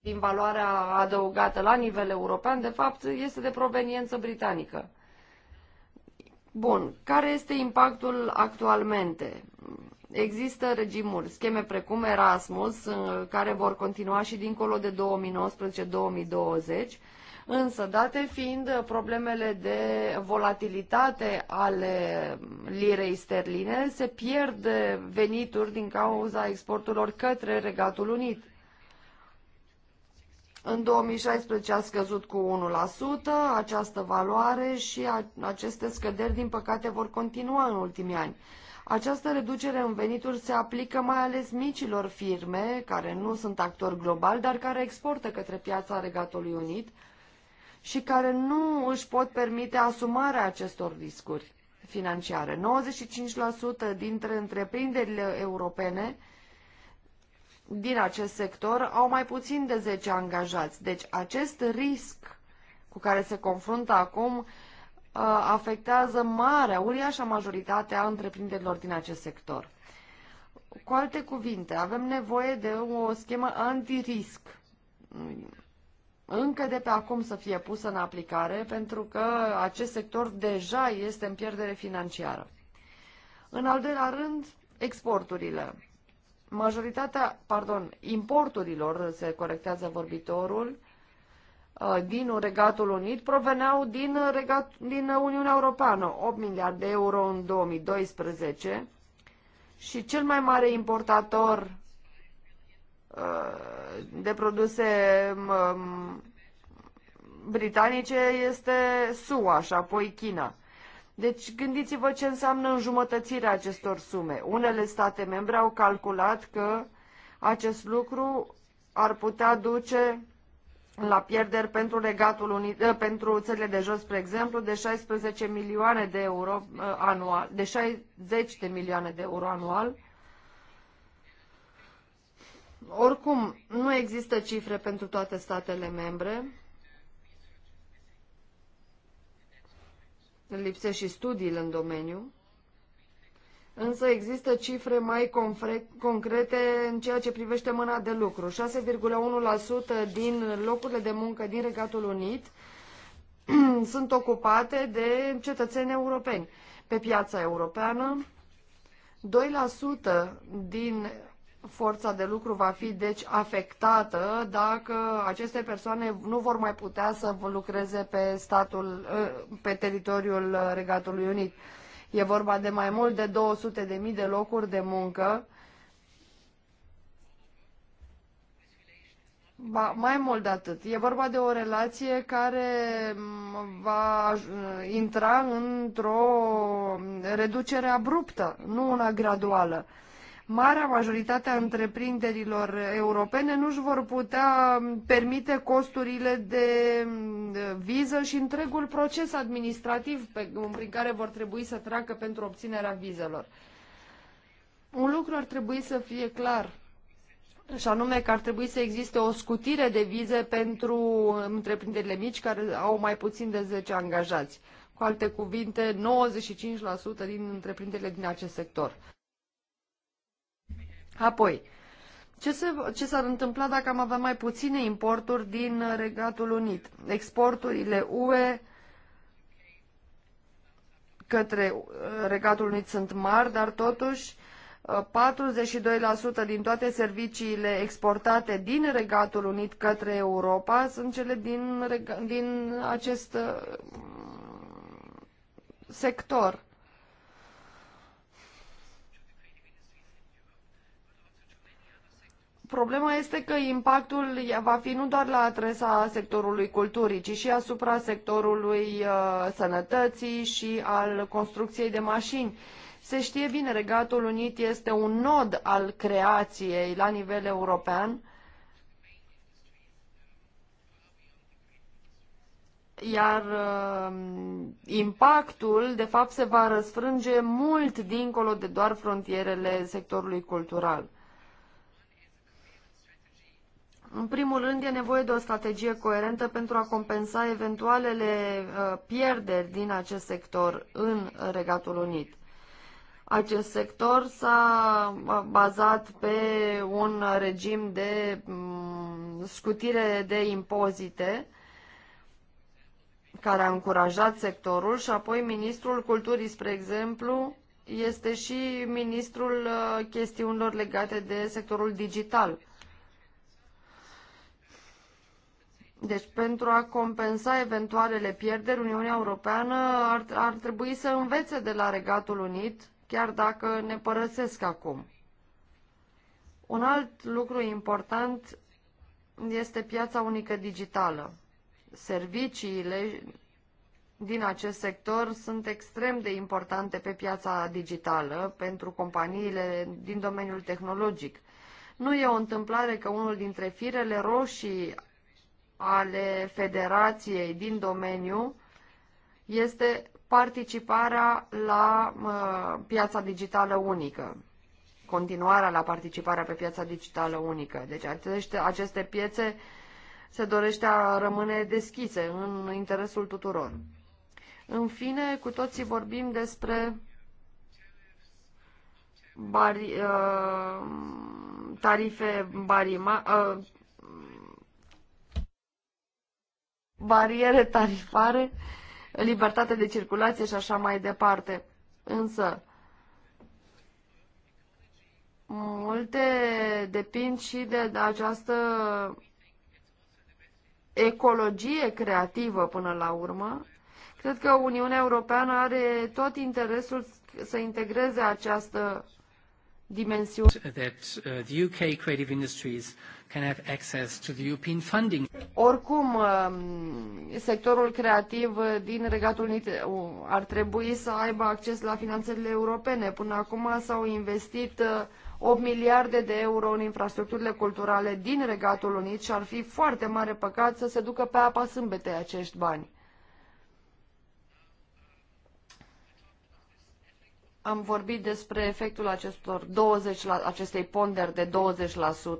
din valoarea adăugată la nivel european, de fapt, este de proveniență britanică. Bun, care este impactul actualmente? Există regimuri, scheme precum Erasmus, care vor continua și dincolo de 2019-2020, însă date fiind problemele de volatilitate ale lirei sterline, se pierd venituri din cauza exporturilor către Regatul Unit. În 2016 a scăzut cu 1% această valoare și aceste scăderi, din păcate, vor continua în ultimii ani. Această reducere în venituri se aplică mai ales micilor firme, care nu sunt actori globali, dar care exportă către piața Regatului Unit și care nu își pot permite asumarea acestor riscuri financiare. 95% dintre întreprinderile europene din acest sector au mai puțin de 10 angajați. Deci acest risc cu care se confruntă acum uh, afectează marea, uriașa majoritate a întreprinderilor din acest sector. Cu alte cuvinte, avem nevoie de o schemă antirisc încă de pe acum să fie pusă în aplicare, pentru că acest sector deja este în pierdere financiară. În al doilea rând, exporturile. Majoritatea, pardon, importurilor, se corectează vorbitorul, Uh, din Regatul Unit proveneau din, Regat, din Uniunea Europeană, 8 miliarde de euro în 2012 și cel mai mare importator uh, de produse um, um, britanice este SUA și apoi China. Deci gândiți-vă ce înseamnă înjumătățirea acestor sume. Unele state membre au calculat că acest lucru ar putea duce la pierderi pentru Regatul Unit, eh, pentru țările de jos, spre exemplu, de 16 milioane de euro eh, anual, de 60 de milioane de euro anual. Oricum, nu există cifre pentru toate statele membre. Lipsesc și studiile în domeniu însă există cifre mai concrete în ceea ce privește mâna de lucru. 6,1% din locurile de muncă din Regatul Unit sunt ocupate de cetățeni europeni. Pe piața europeană, 2% din forța de lucru va fi deci afectată dacă aceste persoane nu vor mai putea să lucreze pe statul pe teritoriul Regatului Unit. E vorba de mai mult de 200.000 de, de locuri de muncă. Ba, mai mult de atât. E vorba de o relație care va intra într-o reducere abruptă, nu una graduală marea majoritate a întreprinderilor europene nu își vor putea permite costurile de viză și întregul proces administrativ pe, prin care vor trebui să treacă pentru obținerea vizelor. Un lucru ar trebui să fie clar și anume că ar trebui să existe o scutire de vize pentru întreprinderile mici care au mai puțin de 10 angajați. Cu alte cuvinte, 95% din întreprinderile din acest sector. Apoi, ce, se, ce s-ar întâmpla dacă am avea mai puține importuri din Regatul Unit? Exporturile UE către uh, Regatul Unit sunt mari, dar totuși 42% uh, din toate serviciile exportate din Regatul Unit către Europa sunt cele din, din acest uh, sector. Problema este că impactul va fi nu doar la adresa sectorului culturii, ci și asupra sectorului uh, sănătății și al construcției de mașini. Se știe bine, Regatul Unit este un nod al creației la nivel european. Iar uh, impactul, de fapt, se va răsfrânge mult dincolo de doar frontierele sectorului cultural. În primul rând, e nevoie de o strategie coerentă pentru a compensa eventualele uh, pierderi din acest sector în Regatul Unit. Acest sector s-a bazat pe un regim de mm, scutire de impozite care a încurajat sectorul și apoi ministrul culturii, spre exemplu, este și ministrul uh, chestiunilor legate de sectorul digital Deci pentru a compensa eventualele pierderi, Uniunea Europeană ar, ar trebui să învețe de la Regatul Unit, chiar dacă ne părăsesc acum. Un alt lucru important este piața unică digitală. Serviciile din acest sector sunt extrem de importante pe piața digitală pentru companiile din domeniul tehnologic. Nu e o întâmplare că unul dintre firele roșii ale federației din domeniu este participarea la piața digitală unică, continuarea la participarea pe piața digitală unică. Deci aceste, aceste piețe se dorește a rămâne deschise în interesul tuturor. În fine, cu toții vorbim despre bari, uh, tarife barima, uh, bariere tarifare, libertate de circulație și așa mai departe. Însă, multe depind și de, de această ecologie creativă până la urmă. Cred că Uniunea Europeană are tot interesul să integreze această dimensiuni. UK uh, creative industries can have access to the European funding. Oricum, um, sectorul creativ din Regatul Unit uh, ar trebui să aibă acces la finanțele europene. Până acum s-au investit 8 uh, miliarde de euro în infrastructurile culturale din Regatul Unit și ar fi foarte mare păcat să se ducă pe apa sâmbetei acești bani. Am vorbit despre efectul acestor 20 la, acestei ponderi de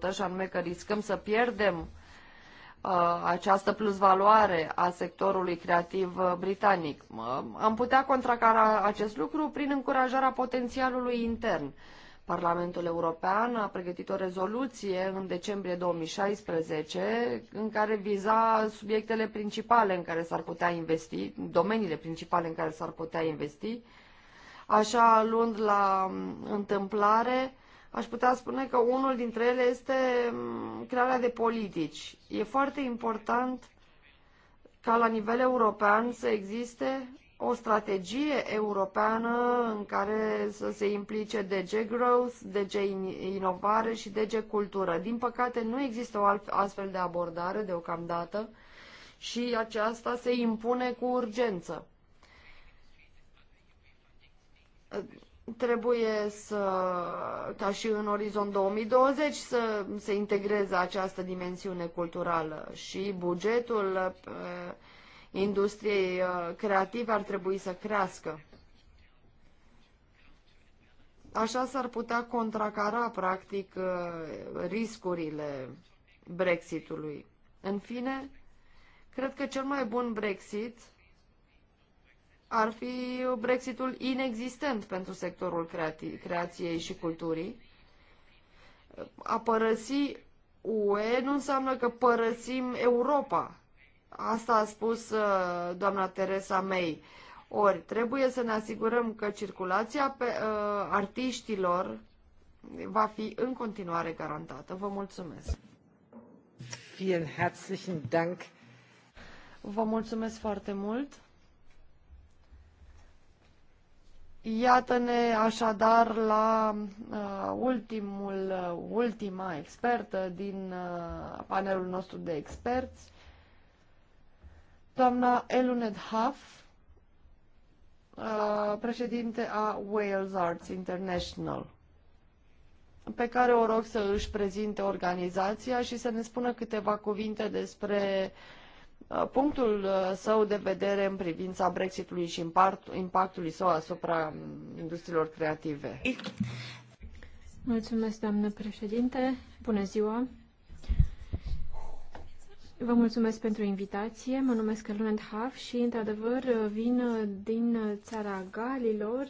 20% și anume că riscăm să pierdem uh, această plusvaloare a sectorului creativ uh, britanic. Uh, am putea contracara acest lucru prin încurajarea potențialului intern. Parlamentul European a pregătit o rezoluție în decembrie 2016 în care viza subiectele principale în care s-ar putea investi, domeniile principale în care s-ar putea investi, uh, așa luând la mm, întâmplare, aș putea spune că unul dintre ele este mm, crearea de politici. E foarte important ca la nivel european să existe o strategie europeană în care să se implice DG Growth, DG Inovare și DG Cultură. Din păcate, nu există o astfel de abordare deocamdată și aceasta se impune cu urgență trebuie să, ca și în orizont 2020, să se integreze această dimensiune culturală și bugetul eh, industriei eh, creative ar trebui să crească. Așa s-ar putea contracara, practic, eh, riscurile Brexitului. În fine, cred că cel mai bun Brexit ar fi Brexitul inexistent pentru sectorul creației și culturii. A părăsi UE nu înseamnă că părăsim Europa. Asta a spus uh, doamna Teresa May. Ori trebuie să ne asigurăm că circulația pe, uh, artiștilor va fi în continuare garantată. Vă mulțumesc! Vielen herzlichen Dank! Vă mulțumesc foarte mult! Iată-ne așadar la uh, ultimul, uh, ultima expertă din uh, panelul nostru de experți, doamna Elunet Huff, uh, președinte a Wales Arts International, pe care o rog să își prezinte organizația și să ne spună câteva cuvinte despre uh, Uh, punctul uh, său de vedere în privința Brexitului și impactului său asupra um, industriilor creative. Mulțumesc, doamnă președinte. Bună ziua. Vă mulțumesc pentru invitație. Mă numesc Lunand Haf și, într-adevăr, vin din țara Galilor,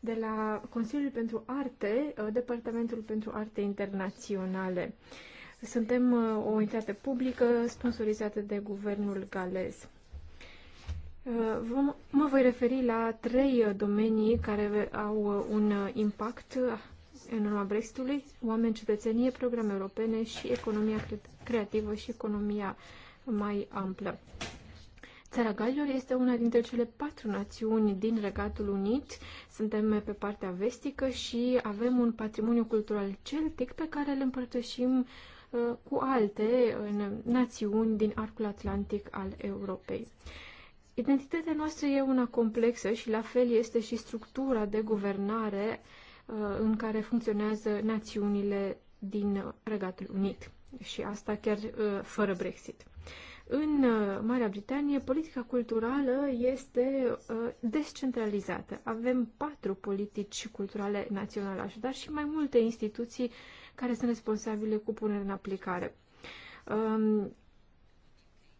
de la Consiliul pentru Arte, uh, Departamentul pentru Arte Internaționale. Uh, suntem uh, o entitate publică sponsorizată de guvernul galez. Uh, mă voi referi la trei domenii care au uh, un impact în urma Brexitului, oameni, cetățenie, programe europene și economia creativă și economia mai amplă. Țara Galilor este una dintre cele patru națiuni din Regatul Unit. Suntem pe partea vestică și avem un patrimoniu cultural celtic pe care îl împărtășim Uh, cu alte națiuni din arcul atlantic al Europei. Identitatea noastră e una complexă și la fel este și structura de guvernare uh, în care funcționează națiunile din Regatul Unit și asta chiar uh, fără Brexit. În Marea Britanie, politica culturală este descentralizată. Avem patru politici culturale naționale, așadar, și mai multe instituții uh, care sunt responsabile cu punerea în aplicare. Um,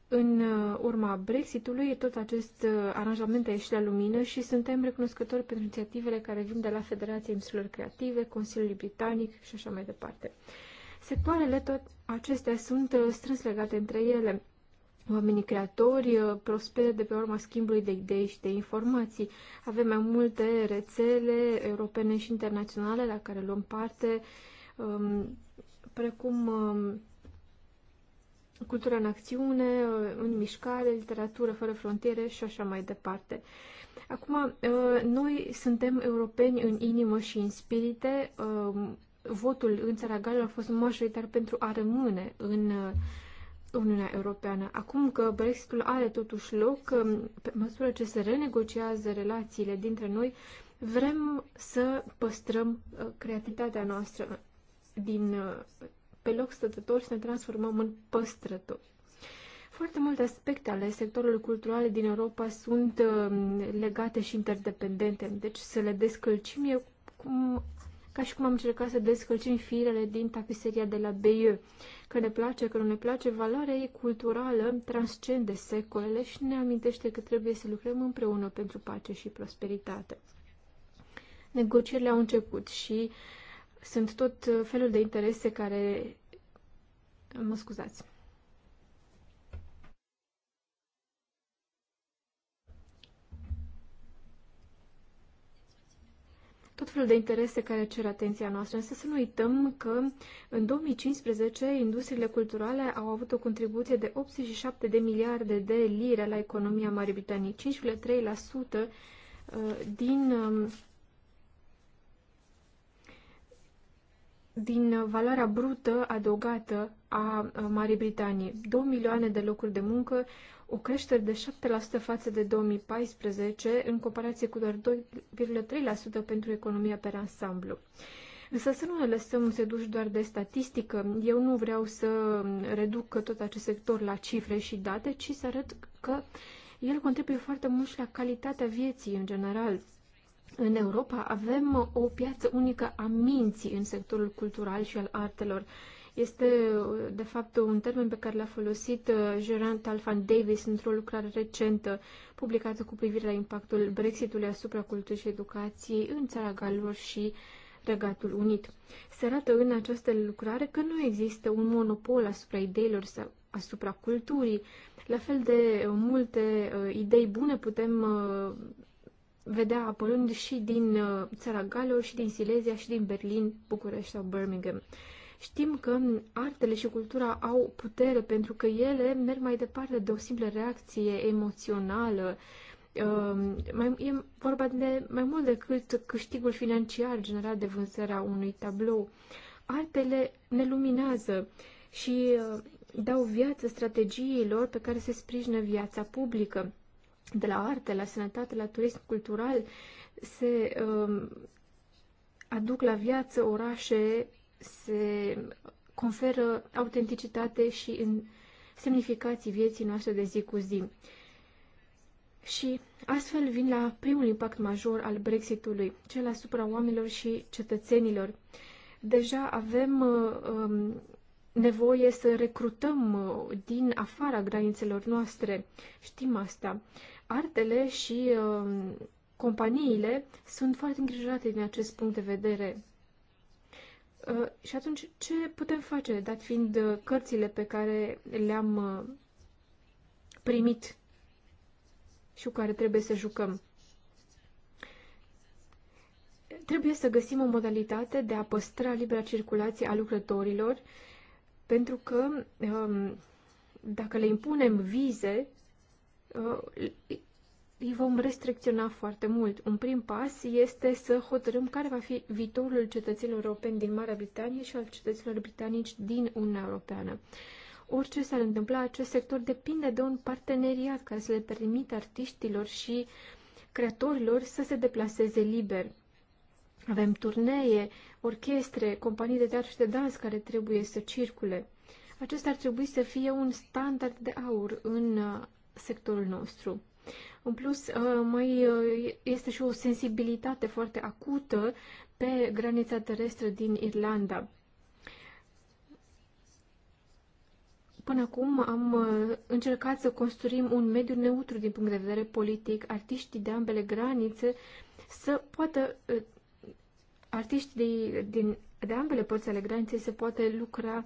în uh, urma Brexitului, tot acest uh, aranjament a ieșit la lumină și suntem recunoscători pentru inițiativele care vin de la Federația Emisiilor Creative, Consiliul Britanic și așa mai departe. Sectoarele tot acestea sunt uh, strâns legate între ele. Oamenii creatori prosperă de pe urma schimbului de idei și de informații. Avem mai multe rețele europene și internaționale la care luăm parte, Um, precum um, cultura în acțiune, uh, în mișcare, literatură fără frontiere și așa mai departe. Acum, uh, noi suntem europeni în inimă și în spirite. Um, votul în țara Galilor a fost majoritar pentru a rămâne în uh, Uniunea Europeană. Acum că Brexitul are totuși loc, pe măsură ce se renegociază relațiile dintre noi, vrem să păstrăm creativitatea noastră din uh, pe loc stătători să ne transformăm în păstrători. Foarte multe aspecte ale sectorului cultural din Europa sunt uh, legate și interdependente, deci să le descălcim e cum, ca și cum am încercat să descălcim firele din tapiseria de la Bayeux. Că ne place, că nu ne place, valoarea ei culturală transcende secolele și ne amintește că trebuie să lucrăm împreună pentru pace și prosperitate. Negocierile au început și uh, sunt tot uh, felul de interese care... Uh, mă scuzați. tot felul de interese care cer atenția noastră. Însă să nu uităm că în 2015 industriile culturale au avut o contribuție de 87 de miliarde de lire la economia Marii Britanii, 5,3% uh, din um, din valoarea brută adăugată a Marii Britanii. 2 milioane de locuri de muncă, o creștere de 7% față de 2014, în comparație cu doar 2,3% pentru economia pe ansamblu. Însă să nu ne lăsăm seduși doar de statistică. Eu nu vreau să reduc tot acest sector la cifre și date, ci să arăt că el contribuie foarte mult și la calitatea vieții în general. În Europa avem o piață unică a minții în sectorul cultural și al artelor. Este, de fapt, un termen pe care l-a folosit uh, Geraint Talfan Davis într-o lucrare recentă publicată cu privire la impactul Brexitului asupra culturii și educației în țara Galilor și Regatul Unit. Se arată în această lucrare că nu există un monopol asupra ideilor sau asupra culturii. La fel de multe uh, idei bune putem uh, vedea apărând și din uh, țara Galilor, și din Silezia, și din Berlin, București sau Birmingham. Știm că artele și cultura au putere pentru că ele merg mai departe de o simplă reacție emoțională. Um, e vorba de mai mult decât câștigul financiar generat de vânzarea unui tablou. Artele ne luminează și uh, dau viață strategiilor pe care se sprijină viața publică de la arte, la sănătate, la turism cultural, se uh, aduc la viață orașe, se conferă autenticitate și în semnificații vieții noastre de zi cu zi. Și astfel vin la primul impact major al Brexitului, cel asupra oamenilor și cetățenilor. Deja avem uh, nevoie să recrutăm uh, din afara granițelor noastre. Știm asta. Uh, Artele și uh, companiile sunt foarte îngrijorate din acest punct de vedere. Uh, și atunci, ce putem face, dat fiind uh, cărțile pe care le-am uh, primit și cu care trebuie să jucăm? Trebuie să găsim o modalitate de a păstra libera circulație a lucrătorilor, pentru că um, dacă le impunem vize, îi vom restricționa foarte mult. Un prim pas este să hotărâm care va fi viitorul cetățenilor europeni din Marea Britanie și al cetățenilor britanici din Uniunea Europeană. Orice s-ar întâmpla, acest sector depinde de un parteneriat care să le permită artiștilor și creatorilor să se deplaseze liber. Avem turnee, orchestre, companii de teatru și de dans care trebuie să circule. Acesta ar trebui să fie un standard de aur în sectorul nostru. În plus, uh, mai uh, este și o sensibilitate foarte acută pe granița terestră din Irlanda. Până acum am uh, încercat să construim un mediu neutru din punct de vedere politic. Artiștii de ambele granițe să poată, artiștii de, din, de ambele părți ale graniței să poate lucra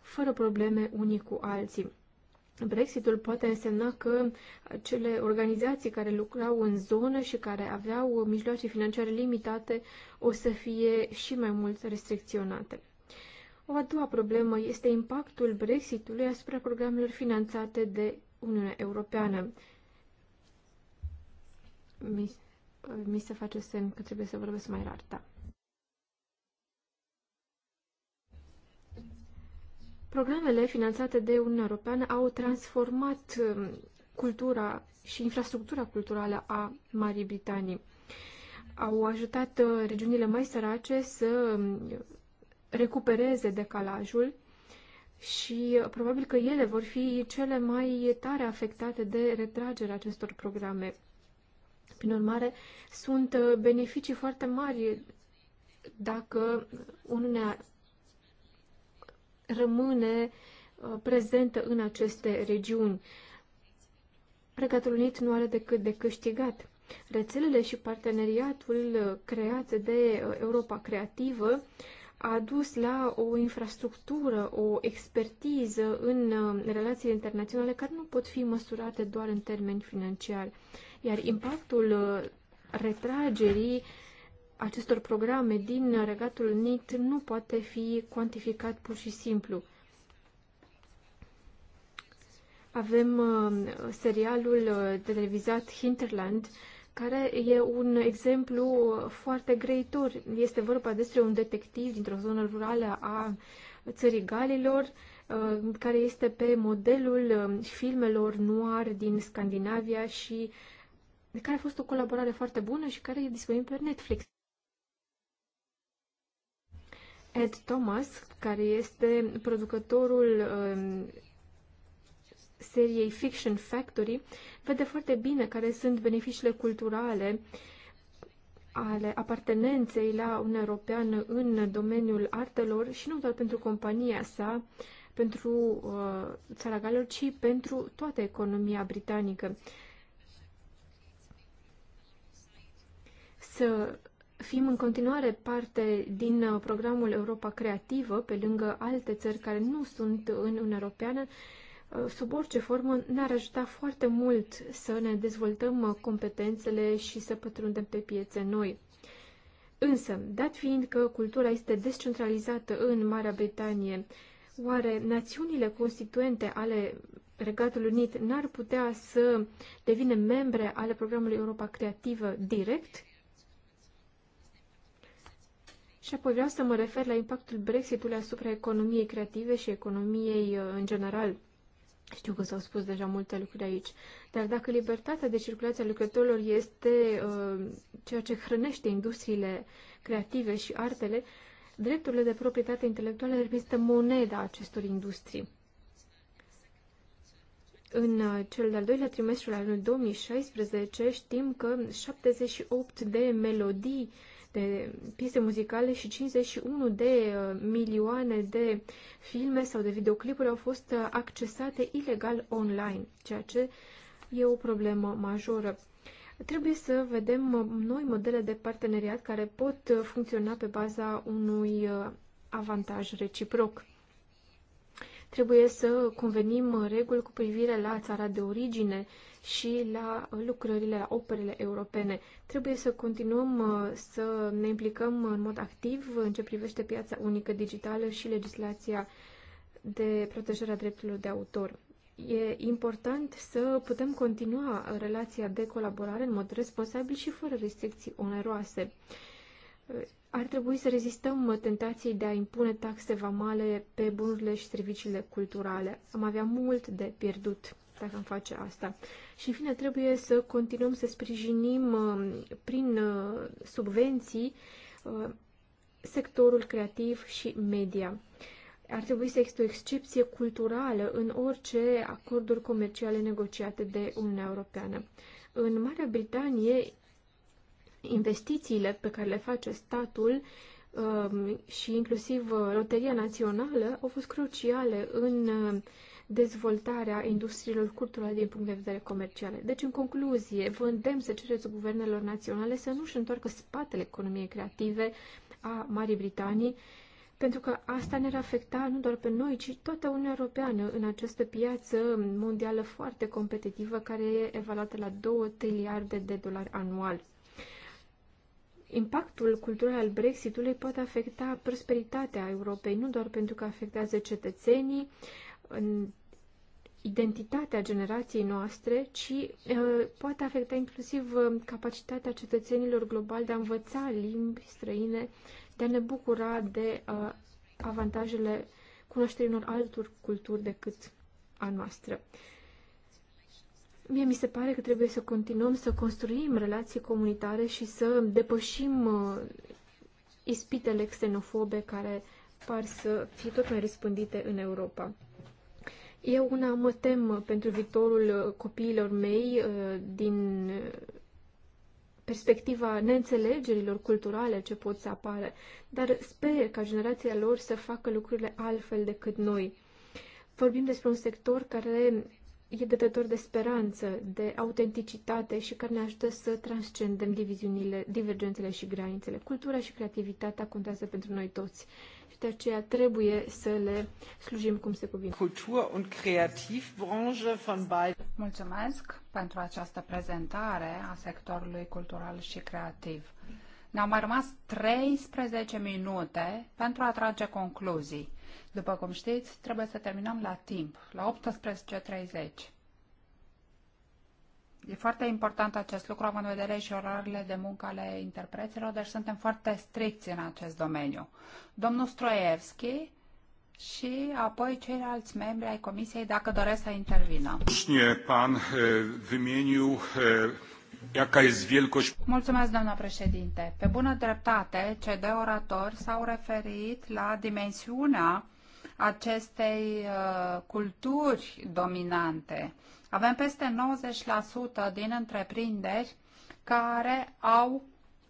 fără probleme unii cu alții. Brexitul poate însemna că cele organizații care lucrau în zonă și care aveau mijloace financiare limitate o să fie și mai mult restricționate. O a doua problemă este impactul Brexitului asupra programelor finanțate de Uniunea Europeană. Mi, mi se face semn că trebuie să vorbesc mai rar, da. Programele finanțate de Uniunea Europeană au transformat um, cultura și infrastructura culturală a Marii Britanii. Au ajutat uh, regiunile mai sărace să um, recupereze decalajul și uh, probabil că ele vor fi cele mai tare afectate de retragerea acestor programe. Prin urmare, sunt uh, beneficii foarte mari dacă Uniunea rămâne uh, prezentă în aceste regiuni. Regatul Unit nu are decât de câștigat. Rețelele și parteneriatul uh, creat de uh, Europa Creativă a dus la o infrastructură, o expertiză în relațiile internaționale care nu pot fi măsurate doar în termeni financiari. Iar impactul retragerii acestor programe din Regatul NIT nu poate fi cuantificat pur și simplu. Avem uh, serialul uh, televizat Hinterland, care e un exemplu uh, foarte greitor. Este vorba despre un detectiv dintr-o zonă rurală a țării Galilor, care este pe modelul um, filmelor noir din Scandinavia și care a fost o colaborare foarte bună și care e disponibil pe Netflix. Ed Thomas, care este producătorul um, seriei Fiction Factory, vede foarte bine care sunt beneficiile culturale ale apartenenței la un european în domeniul artelor și nu doar pentru compania sa, pentru uh, țara Galilor, ci pentru toată economia britanică. Să fim în continuare parte din uh, programul Europa Creativă, pe lângă alte țări care nu sunt în Uniunea Europeană, uh, sub orice formă ne-ar ajuta foarte mult să ne dezvoltăm uh, competențele și să pătrundem pe piețe noi. Însă, dat fiind că cultura este descentralizată în Marea Britanie, oare națiunile constituente ale Regatul Unit n-ar putea să devină membre ale programului Europa Creativă direct? Și apoi vreau să mă refer la impactul Brexitului asupra economiei creative și economiei uh, în general. Știu că s-au spus deja multe lucruri aici, dar dacă libertatea de circulație a lucrătorilor este uh, ceea ce hrănește industriile creative și artele, drepturile de proprietate intelectuală reprezintă moneda acestor industrii. În uh, cel de-al doilea trimestru al anului 2016 știm că 78 de melodii uh, de piste muzicale și 51 de uh, milioane de filme sau de videoclipuri au fost uh, accesate ilegal online, ceea ce e o problemă majoră. Trebuie să vedem uh, noi modele de parteneriat care pot funcționa pe baza unui avantaj reciproc. Trebuie să convenim reguli cu privire la țara de origine, și la lucrările, la operele europene. Trebuie să continuăm uh, să ne implicăm în mod activ în ce privește piața unică digitală și legislația de protejare a drepturilor de autor. E important să putem continua relația de colaborare în mod responsabil și fără restricții oneroase. Uh, ar trebui să rezistăm tentației de a impune taxe vamale pe bunurile și serviciile culturale. Am avea mult de pierdut asta, am face asta. Și în fine trebuie să continuăm să sprijinim uh, prin uh, subvenții uh, sectorul creativ și media. Ar trebui să există o excepție culturală în orice acorduri comerciale negociate de Uniunea Europeană. În Marea Britanie, investițiile pe care le face statul um, și inclusiv Loteria Națională au fost cruciale în dezvoltarea industriilor culturale din punct de vedere comercial. Deci, în concluzie, vă îndemn să cereți guvernelor naționale să nu-și întoarcă spatele economiei creative a Marii Britanii, pentru că asta ne-ar afecta nu doar pe noi, ci toată Uniunea Europeană în această piață mondială foarte competitivă, care e evaluată la 2 triliarde de dolari anual. Impactul cultural al Brexitului poate afecta prosperitatea Europei, nu doar pentru că afectează cetățenii, în identitatea generației noastre, ci eh, poate afecta inclusiv eh, capacitatea cetățenilor globali de a învăța limbi străine, de a ne bucura de eh, avantajele cunoașterii unor altor culturi decât a noastră. Mie mi se pare că trebuie să continuăm să construim relații comunitare și să depășim ispitele xenofobe care par să fie tot mai răspândite în Europa. Eu una mă tem pentru viitorul copiilor mei uh, din uh, perspectiva neînțelegerilor culturale ce pot să apară, dar sper ca generația lor să facă lucrurile altfel decât noi. Vorbim despre un sector care e dătător de speranță, de autenticitate și care ne ajută să transcendem diviziunile, divergențele și granițele. Cultura și creativitatea contează pentru noi toți de aceea trebuie să le slujim cum se cuvine. Cultură und Kreativbranche von beide. Mulțumesc pentru această prezentare a sectorului cultural și creativ. Ne-au mai rămas 13 minute pentru a trage concluzii. După cum știți, trebuie să terminăm la timp, la 18.30. E foarte important acest lucru, având în vedere și orarele de muncă ale interpreților, deci suntem foarte stricți în acest domeniu. Domnul Stroievski și apoi ceilalți membri ai comisiei, dacă doresc să intervină. Pan wymienił jaka jest wielkość... Mulțumesc, doamna președinte. Pe bună dreptate, cei doi oratori s-au referit la dimensiunea acestei culturi dominante avem peste 90% din întreprinderi care au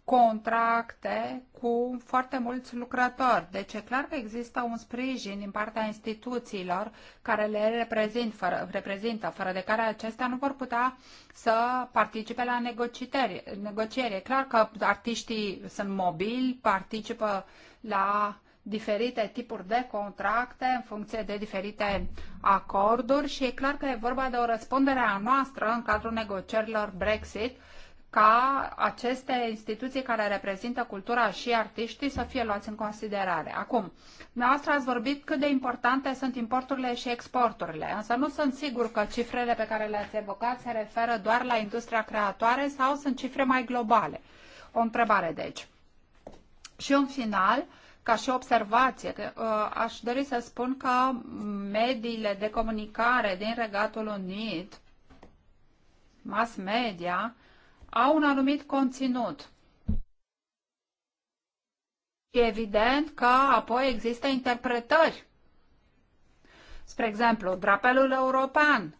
contracte cu foarte mulți lucrători. Deci e clar că există un sprijin din partea instituțiilor care le reprezint, fără, reprezintă, fără de care acestea nu vor putea să participe la negocieri. negocieri. E clar că artiștii sunt mobili, participă la uh, diferite tipuri de contracte în funcție de diferite acorduri și e clar că e vorba de o răspundere a noastră în cadrul negocierilor Brexit ca aceste instituții care reprezintă cultura și artiștii să fie luați în considerare. Acum, noastră ați vorbit cât de importante sunt importurile și exporturile, însă nu sunt sigur că cifrele pe care le-ați evocat se referă doar la industria creatoare sau sunt cifre mai globale. O întrebare, deci. Și în final, uh, ca și observație, uh, aș dori să spun că mediile de comunicare din Regatul Unit, mass media, au un anumit conținut. E evident că apoi există interpretări. Spre exemplu, drapelul european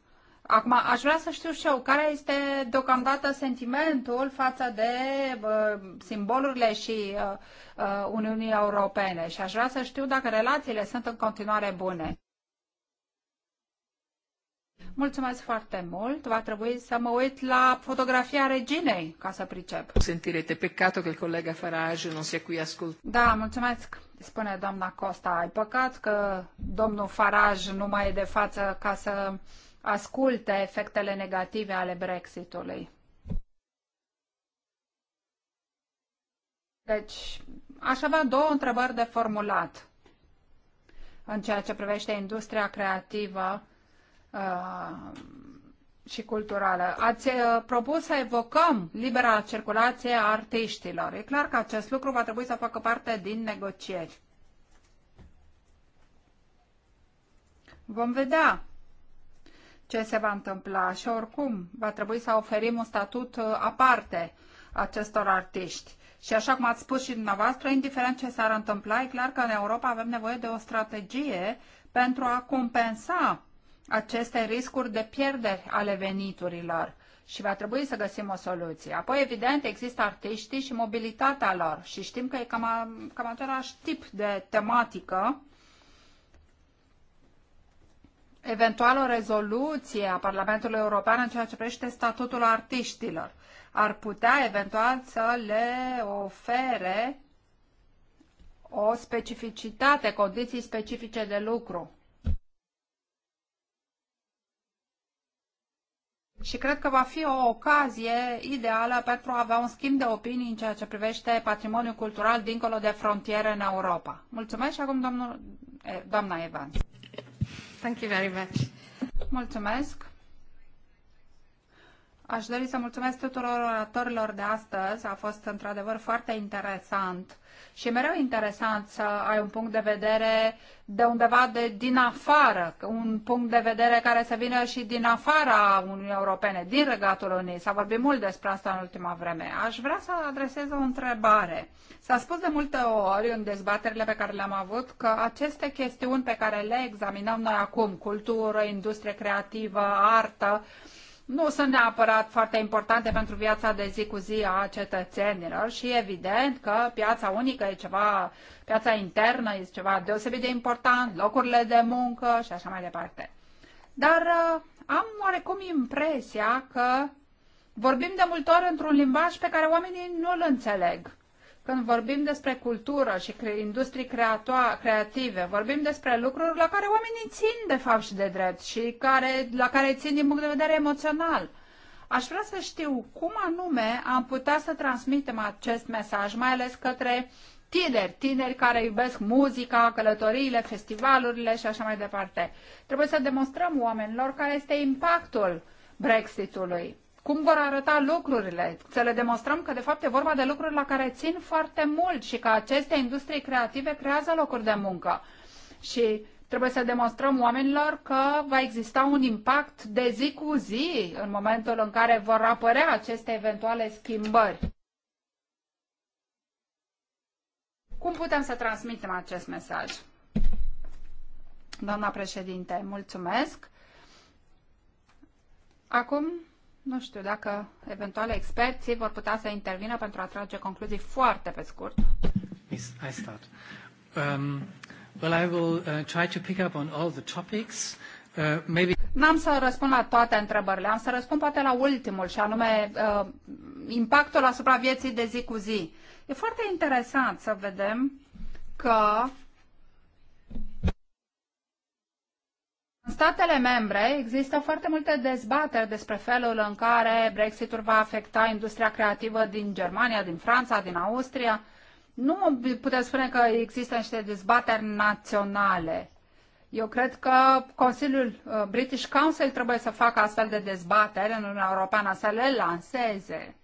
Acum, aș vrea să știu și eu care este deocamdată sentimentul față de uh, simbolurile și uh, uh, Uniunii Europene și aș vrea să știu dacă relațiile sunt în continuare bune. Mulțumesc foarte mult. Va trebui să mă uit la fotografia reginei ca să pricep. Sentirete, peccato că colega Farage nu se qui ascult. Da, mulțumesc, spune doamna Costa. Ai păcat că domnul Farage nu mai e de față ca să asculte efectele negative ale Brexitului. Deci, aș avea două întrebări de formulat în ceea ce privește industria creativă uh, și culturală. Ați uh, propus să evocăm libera circulație a artiștilor. E clar că acest lucru va trebui să facă parte din negocieri. Vom vedea ce se va întâmpla și oricum va trebui să oferim un statut uh, aparte acestor artiști. Și așa cum ați spus și dumneavoastră, indiferent ce s-ar întâmpla, e clar că în Europa avem nevoie de o strategie pentru a compensa aceste riscuri de pierderi ale veniturilor și va trebui să găsim o soluție. Apoi, evident, există artiștii și mobilitatea lor și știm că e cam, cam același tip de tematică eventual o rezoluție a Parlamentului European în ceea ce privește statutul artiștilor. Ar putea eventual să le ofere o specificitate, condiții specifice de lucru. Și cred că va fi o ocazie ideală pentru a avea un schimb de opinii în ceea ce privește patrimoniul cultural dincolo de frontiere în Europa. Mulțumesc și acum domnul, eh, doamna Evans. Thank you very much. Mulțumesc. Aș dori să mulțumesc tuturor oratorilor de astăzi. A fost într-adevăr foarte interesant și mereu interesant să ai un punct de vedere de undeva de din afară, un punct de vedere care să vină și din afara Uniunii Europene, din Regatul Unii. S-a vorbit mult despre asta în ultima vreme. Aș vrea să adresez o întrebare. S-a spus de multe ori în dezbaterile pe care le-am avut că aceste chestiuni pe care le examinăm noi acum, cultură, industrie creativă, artă, uh, nu sunt neapărat foarte importante pentru viața de zi cu zi a cetățenilor și evident că piața unică e ceva, piața internă e ceva deosebit de important, locurile de muncă și așa mai departe. Dar uh, am oarecum impresia că vorbim de multe ori într-un limbaj pe care oamenii nu-l înțeleg. Când vorbim despre cultură și industrii creative, vorbim despre lucruri la care oamenii țin de fapt și de drept și care, la care țin din punct de vedere emoțional. Aș vrea să știu cum anume am putea să transmitem acest mesaj, mai ales către tineri, tineri care iubesc muzica, călătoriile, festivalurile și așa mai departe. Trebuie să demonstrăm oamenilor care este impactul Brexitului cum vor arăta lucrurile, să le demonstrăm că de fapt e vorba de lucruri la care țin foarte mult și că aceste industrii creative creează locuri de muncă. Și trebuie să demonstrăm oamenilor că va exista un impact de zi cu zi în momentul în care vor apărea aceste eventuale schimbări. Cum putem să transmitem acest mesaj? Doamna președinte, mulțumesc. Acum nu știu dacă eventuale experții vor putea să intervină pentru a trage concluzii foarte pe scurt. Yes, I start. Um, well, I will uh, try to pick up on all the topics. Uh, maybe... N-am să răspund la toate întrebările, am să răspund poate la ultimul, și anume uh, impactul asupra vieții de zi cu zi. E foarte interesant să vedem că în statele membre există foarte multe dezbateri despre felul în care Brexitul va afecta industria creativă din Germania, din Franța, din Austria. Nu putem spune că există niște dezbateri naționale. Eu cred că Consiliul uh, British Council trebuie să facă astfel de dezbateri în Uniunea Europeană, să le lanseze.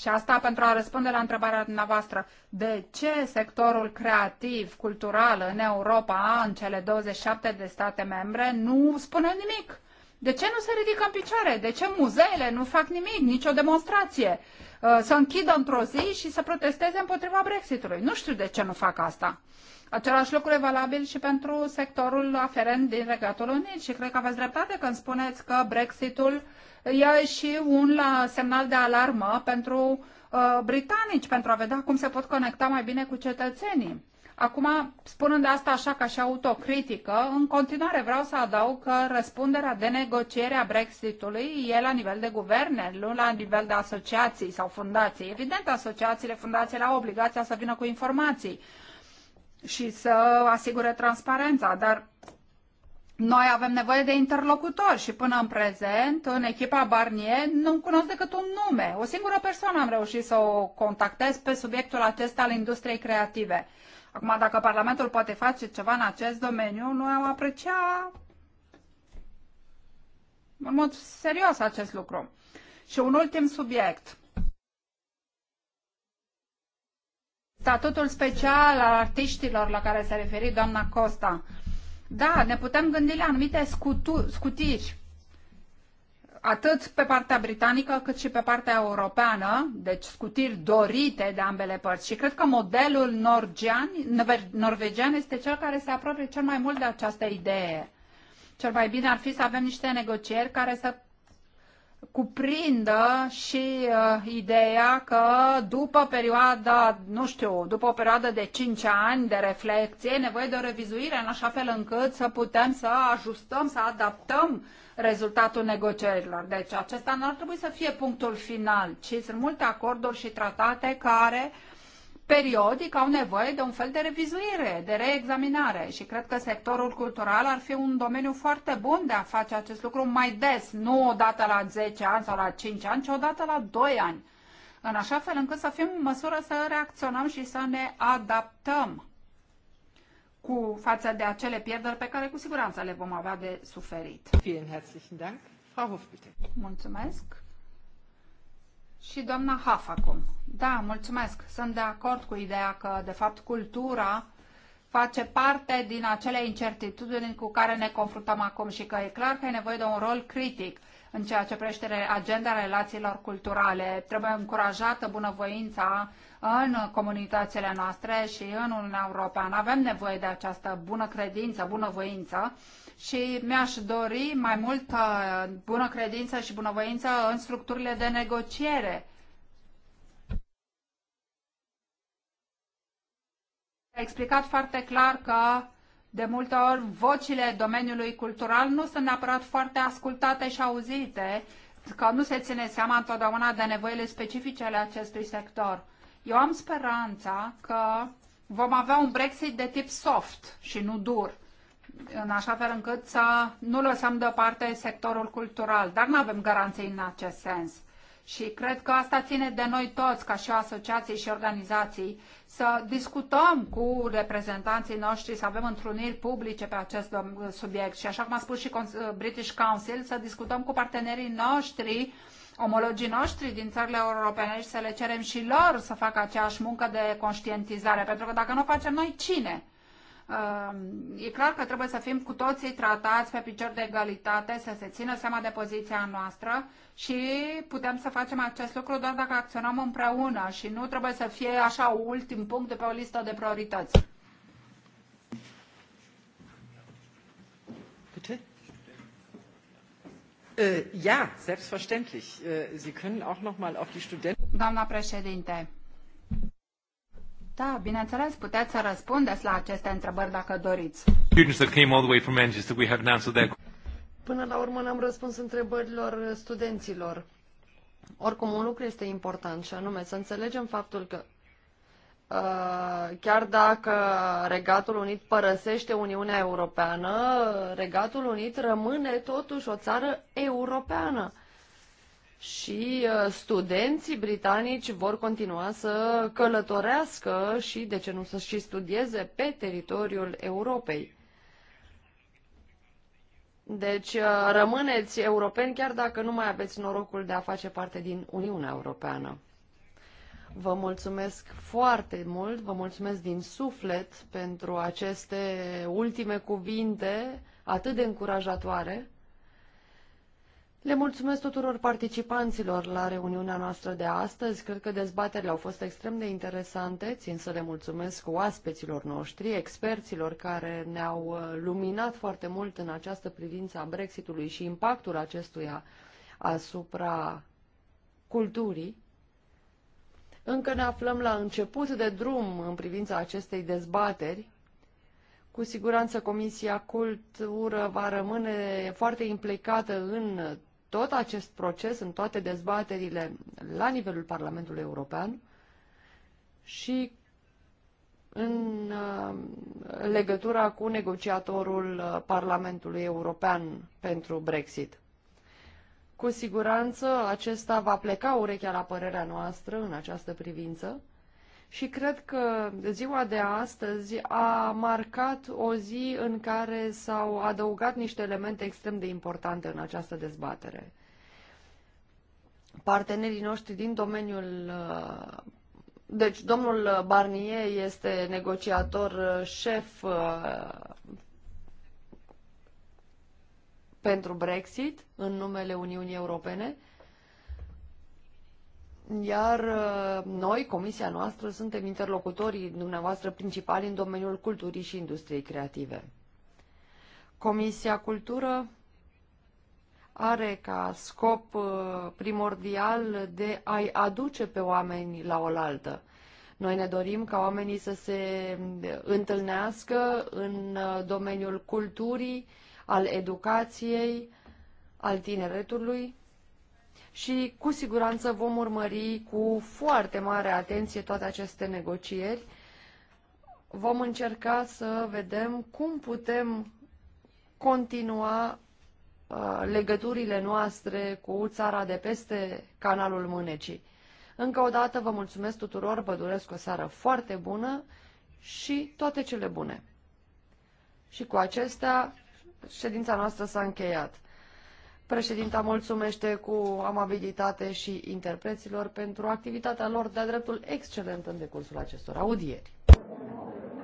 Și asta pentru a răspunde la întrebarea dumneavoastră. De ce sectorul creativ, cultural în Europa, în cele 27 de state membre, nu spune nimic? De ce nu se ridică în picioare? De ce muzeele nu fac nimic, nicio demonstrație? Uh, să închidă într-o zi și să protesteze împotriva Brexitului. Nu știu de ce nu fac asta. Același lucru e valabil și pentru sectorul aferent din Regatul Unit și cred că aveți dreptate când spuneți că Brexitul uh, e și un semnal de alarmă pentru uh, britanici, pentru a vedea cum se pot conecta mai bine cu cetățenii. Acum, spunând asta așa ca și autocritică, în continuare vreau să adaug că răspunderea de negociere a Brexitului e la nivel de guverne, nu la nivel de asociații sau fundații. Evident, asociațiile, fundațiile au obligația să vină cu informații și să asigure transparența, dar noi avem nevoie de interlocutori și până în prezent, în echipa Barnier, nu cunosc decât un nume. O singură persoană am reușit să o contactez pe subiectul acesta al industriei creative. Acum, dacă Parlamentul poate face ceva în acest domeniu, noi am aprecia în mod serios acest lucru. Și un ultim subiect. Statutul special al artiștilor la care s-a referit doamna Costa. Da, ne putem gândi la anumite scutu- scutiri, atât pe partea britanică cât și pe partea europeană, deci scutiri dorite de ambele părți. Și cred că modelul norgean, norvegian este cel care se apropie cel mai mult de această idee. Cel mai bine ar fi să avem niște negocieri care să cuprindă și uh, ideea că după perioada, nu știu, după o perioadă de 5 ani de reflecție, e nevoie de o revizuire în așa fel încât să putem să ajustăm, să adaptăm rezultatul negocierilor. Deci acesta nu ar trebui să fie punctul final, ci sunt multe acorduri și tratate care uh, periodic au nevoie de un fel de revizuire, de reexaminare și cred că sectorul cultural ar fi un domeniu foarte bun de a face acest lucru mai des, nu odată la 10 ani sau la 5 ani, ci odată la 2 ani, în așa fel încât să fim în măsură să reacționăm și să ne adaptăm cu față de acele pierderi pe care cu siguranță le vom avea de suferit. Mulțumesc. Și doamna Haf acum. Da, mulțumesc. Sunt de acord cu ideea că, de fapt, cultura face parte din acele incertitudini cu care ne confruntăm acum și că e clar că e nevoie de un rol critic în ceea ce privește agenda relațiilor culturale. Trebuie încurajată bunăvoința în comunitățile noastre și în Uniunea Europeană. Avem nevoie de această bună credință, bunăvoință și mi-aș dori mai multă bună credință și bunăvoință în structurile de negociere. A explicat foarte clar că de multe ori vocile domeniului cultural nu sunt neapărat foarte ascultate și auzite, că nu se ține seama întotdeauna de nevoile specifice ale acestui sector. Eu am speranța că vom avea un Brexit de tip soft și nu dur în așa fel încât să nu lăsăm deoparte sectorul cultural, dar nu avem garanții în acest sens. Și cred că asta ține de noi toți, ca și asociații și organizații, să discutăm cu reprezentanții noștri, să avem întruniri publice pe acest subiect. Și așa cum a spus și British Council, să discutăm cu partenerii noștri, omologii noștri din țările europene și să le cerem și lor să facă aceeași muncă de conștientizare. Pentru că dacă nu o facem noi, cine? e clar că trebuie să fim cu toții tratați pe picior de egalitate, să se țină seama de poziția noastră și putem să facem acest lucru doar dacă acționăm împreună și nu trebuie să fie așa ultim punct de pe o listă de priorități. Bitte? Äh, ja, selbstverständlich. Äh, Sie können auch noch mal auf die Studenten. Doamna președinte, da, bineînțeles, puteți să răspundeți la aceste întrebări dacă doriți. Până la urmă n-am răspuns întrebărilor studenților. Oricum, un lucru este important și anume să înțelegem faptul că uh, chiar dacă Regatul Unit părăsește Uniunea Europeană, Regatul Unit rămâne totuși o țară europeană și uh, studenții britanici vor continua să călătorească și, de ce nu, să și studieze pe teritoriul Europei. Deci uh, rămâneți europeni chiar dacă nu mai aveți norocul de a face parte din Uniunea Europeană. Vă mulțumesc foarte mult, vă mulțumesc din suflet pentru aceste ultime cuvinte atât de încurajatoare. Le mulțumesc tuturor participanților la reuniunea noastră de astăzi. Cred că dezbaterile au fost extrem de interesante. Țin să le mulțumesc oaspeților noștri, experților care ne-au uh, luminat foarte mult în această privință a Brexitului și impactul acestuia asupra culturii. Încă ne aflăm la început de drum în privința acestei dezbateri. Cu siguranță Comisia Cultură va rămâne foarte implicată în tot acest proces în toate dezbaterile la nivelul Parlamentului European și în uh, legătura cu negociatorul uh, Parlamentului European pentru Brexit. Cu siguranță acesta va pleca urechea la părerea noastră în această privință și cred că ziua de astăzi a marcat o zi în care s-au adăugat niște elemente extrem de importante în această dezbatere. Partenerii noștri din domeniul uh, deci, domnul Barnier este negociator uh, șef uh, pentru Brexit în numele Uniunii Europene iar uh, noi, comisia noastră, suntem interlocutorii dumneavoastră principali în domeniul culturii și industriei creative. Comisia Cultură are ca scop uh, primordial de a-i aduce pe oameni la oaltă. Noi ne dorim ca oamenii să se întâlnească în uh, domeniul culturii, al educației, al tineretului și cu siguranță vom urmări cu foarte mare atenție toate aceste negocieri. Vom încerca să vedem cum putem continua uh, legăturile noastre cu țara de peste canalul Mânecii. Încă o dată vă mulțumesc tuturor, vă doresc o seară foarte bună și toate cele bune. Și cu acestea, ședința noastră s-a încheiat. Președinta mulțumește cu amabilitate și interpreților pentru activitatea lor de-a dreptul excelentă în decursul acestor audieri.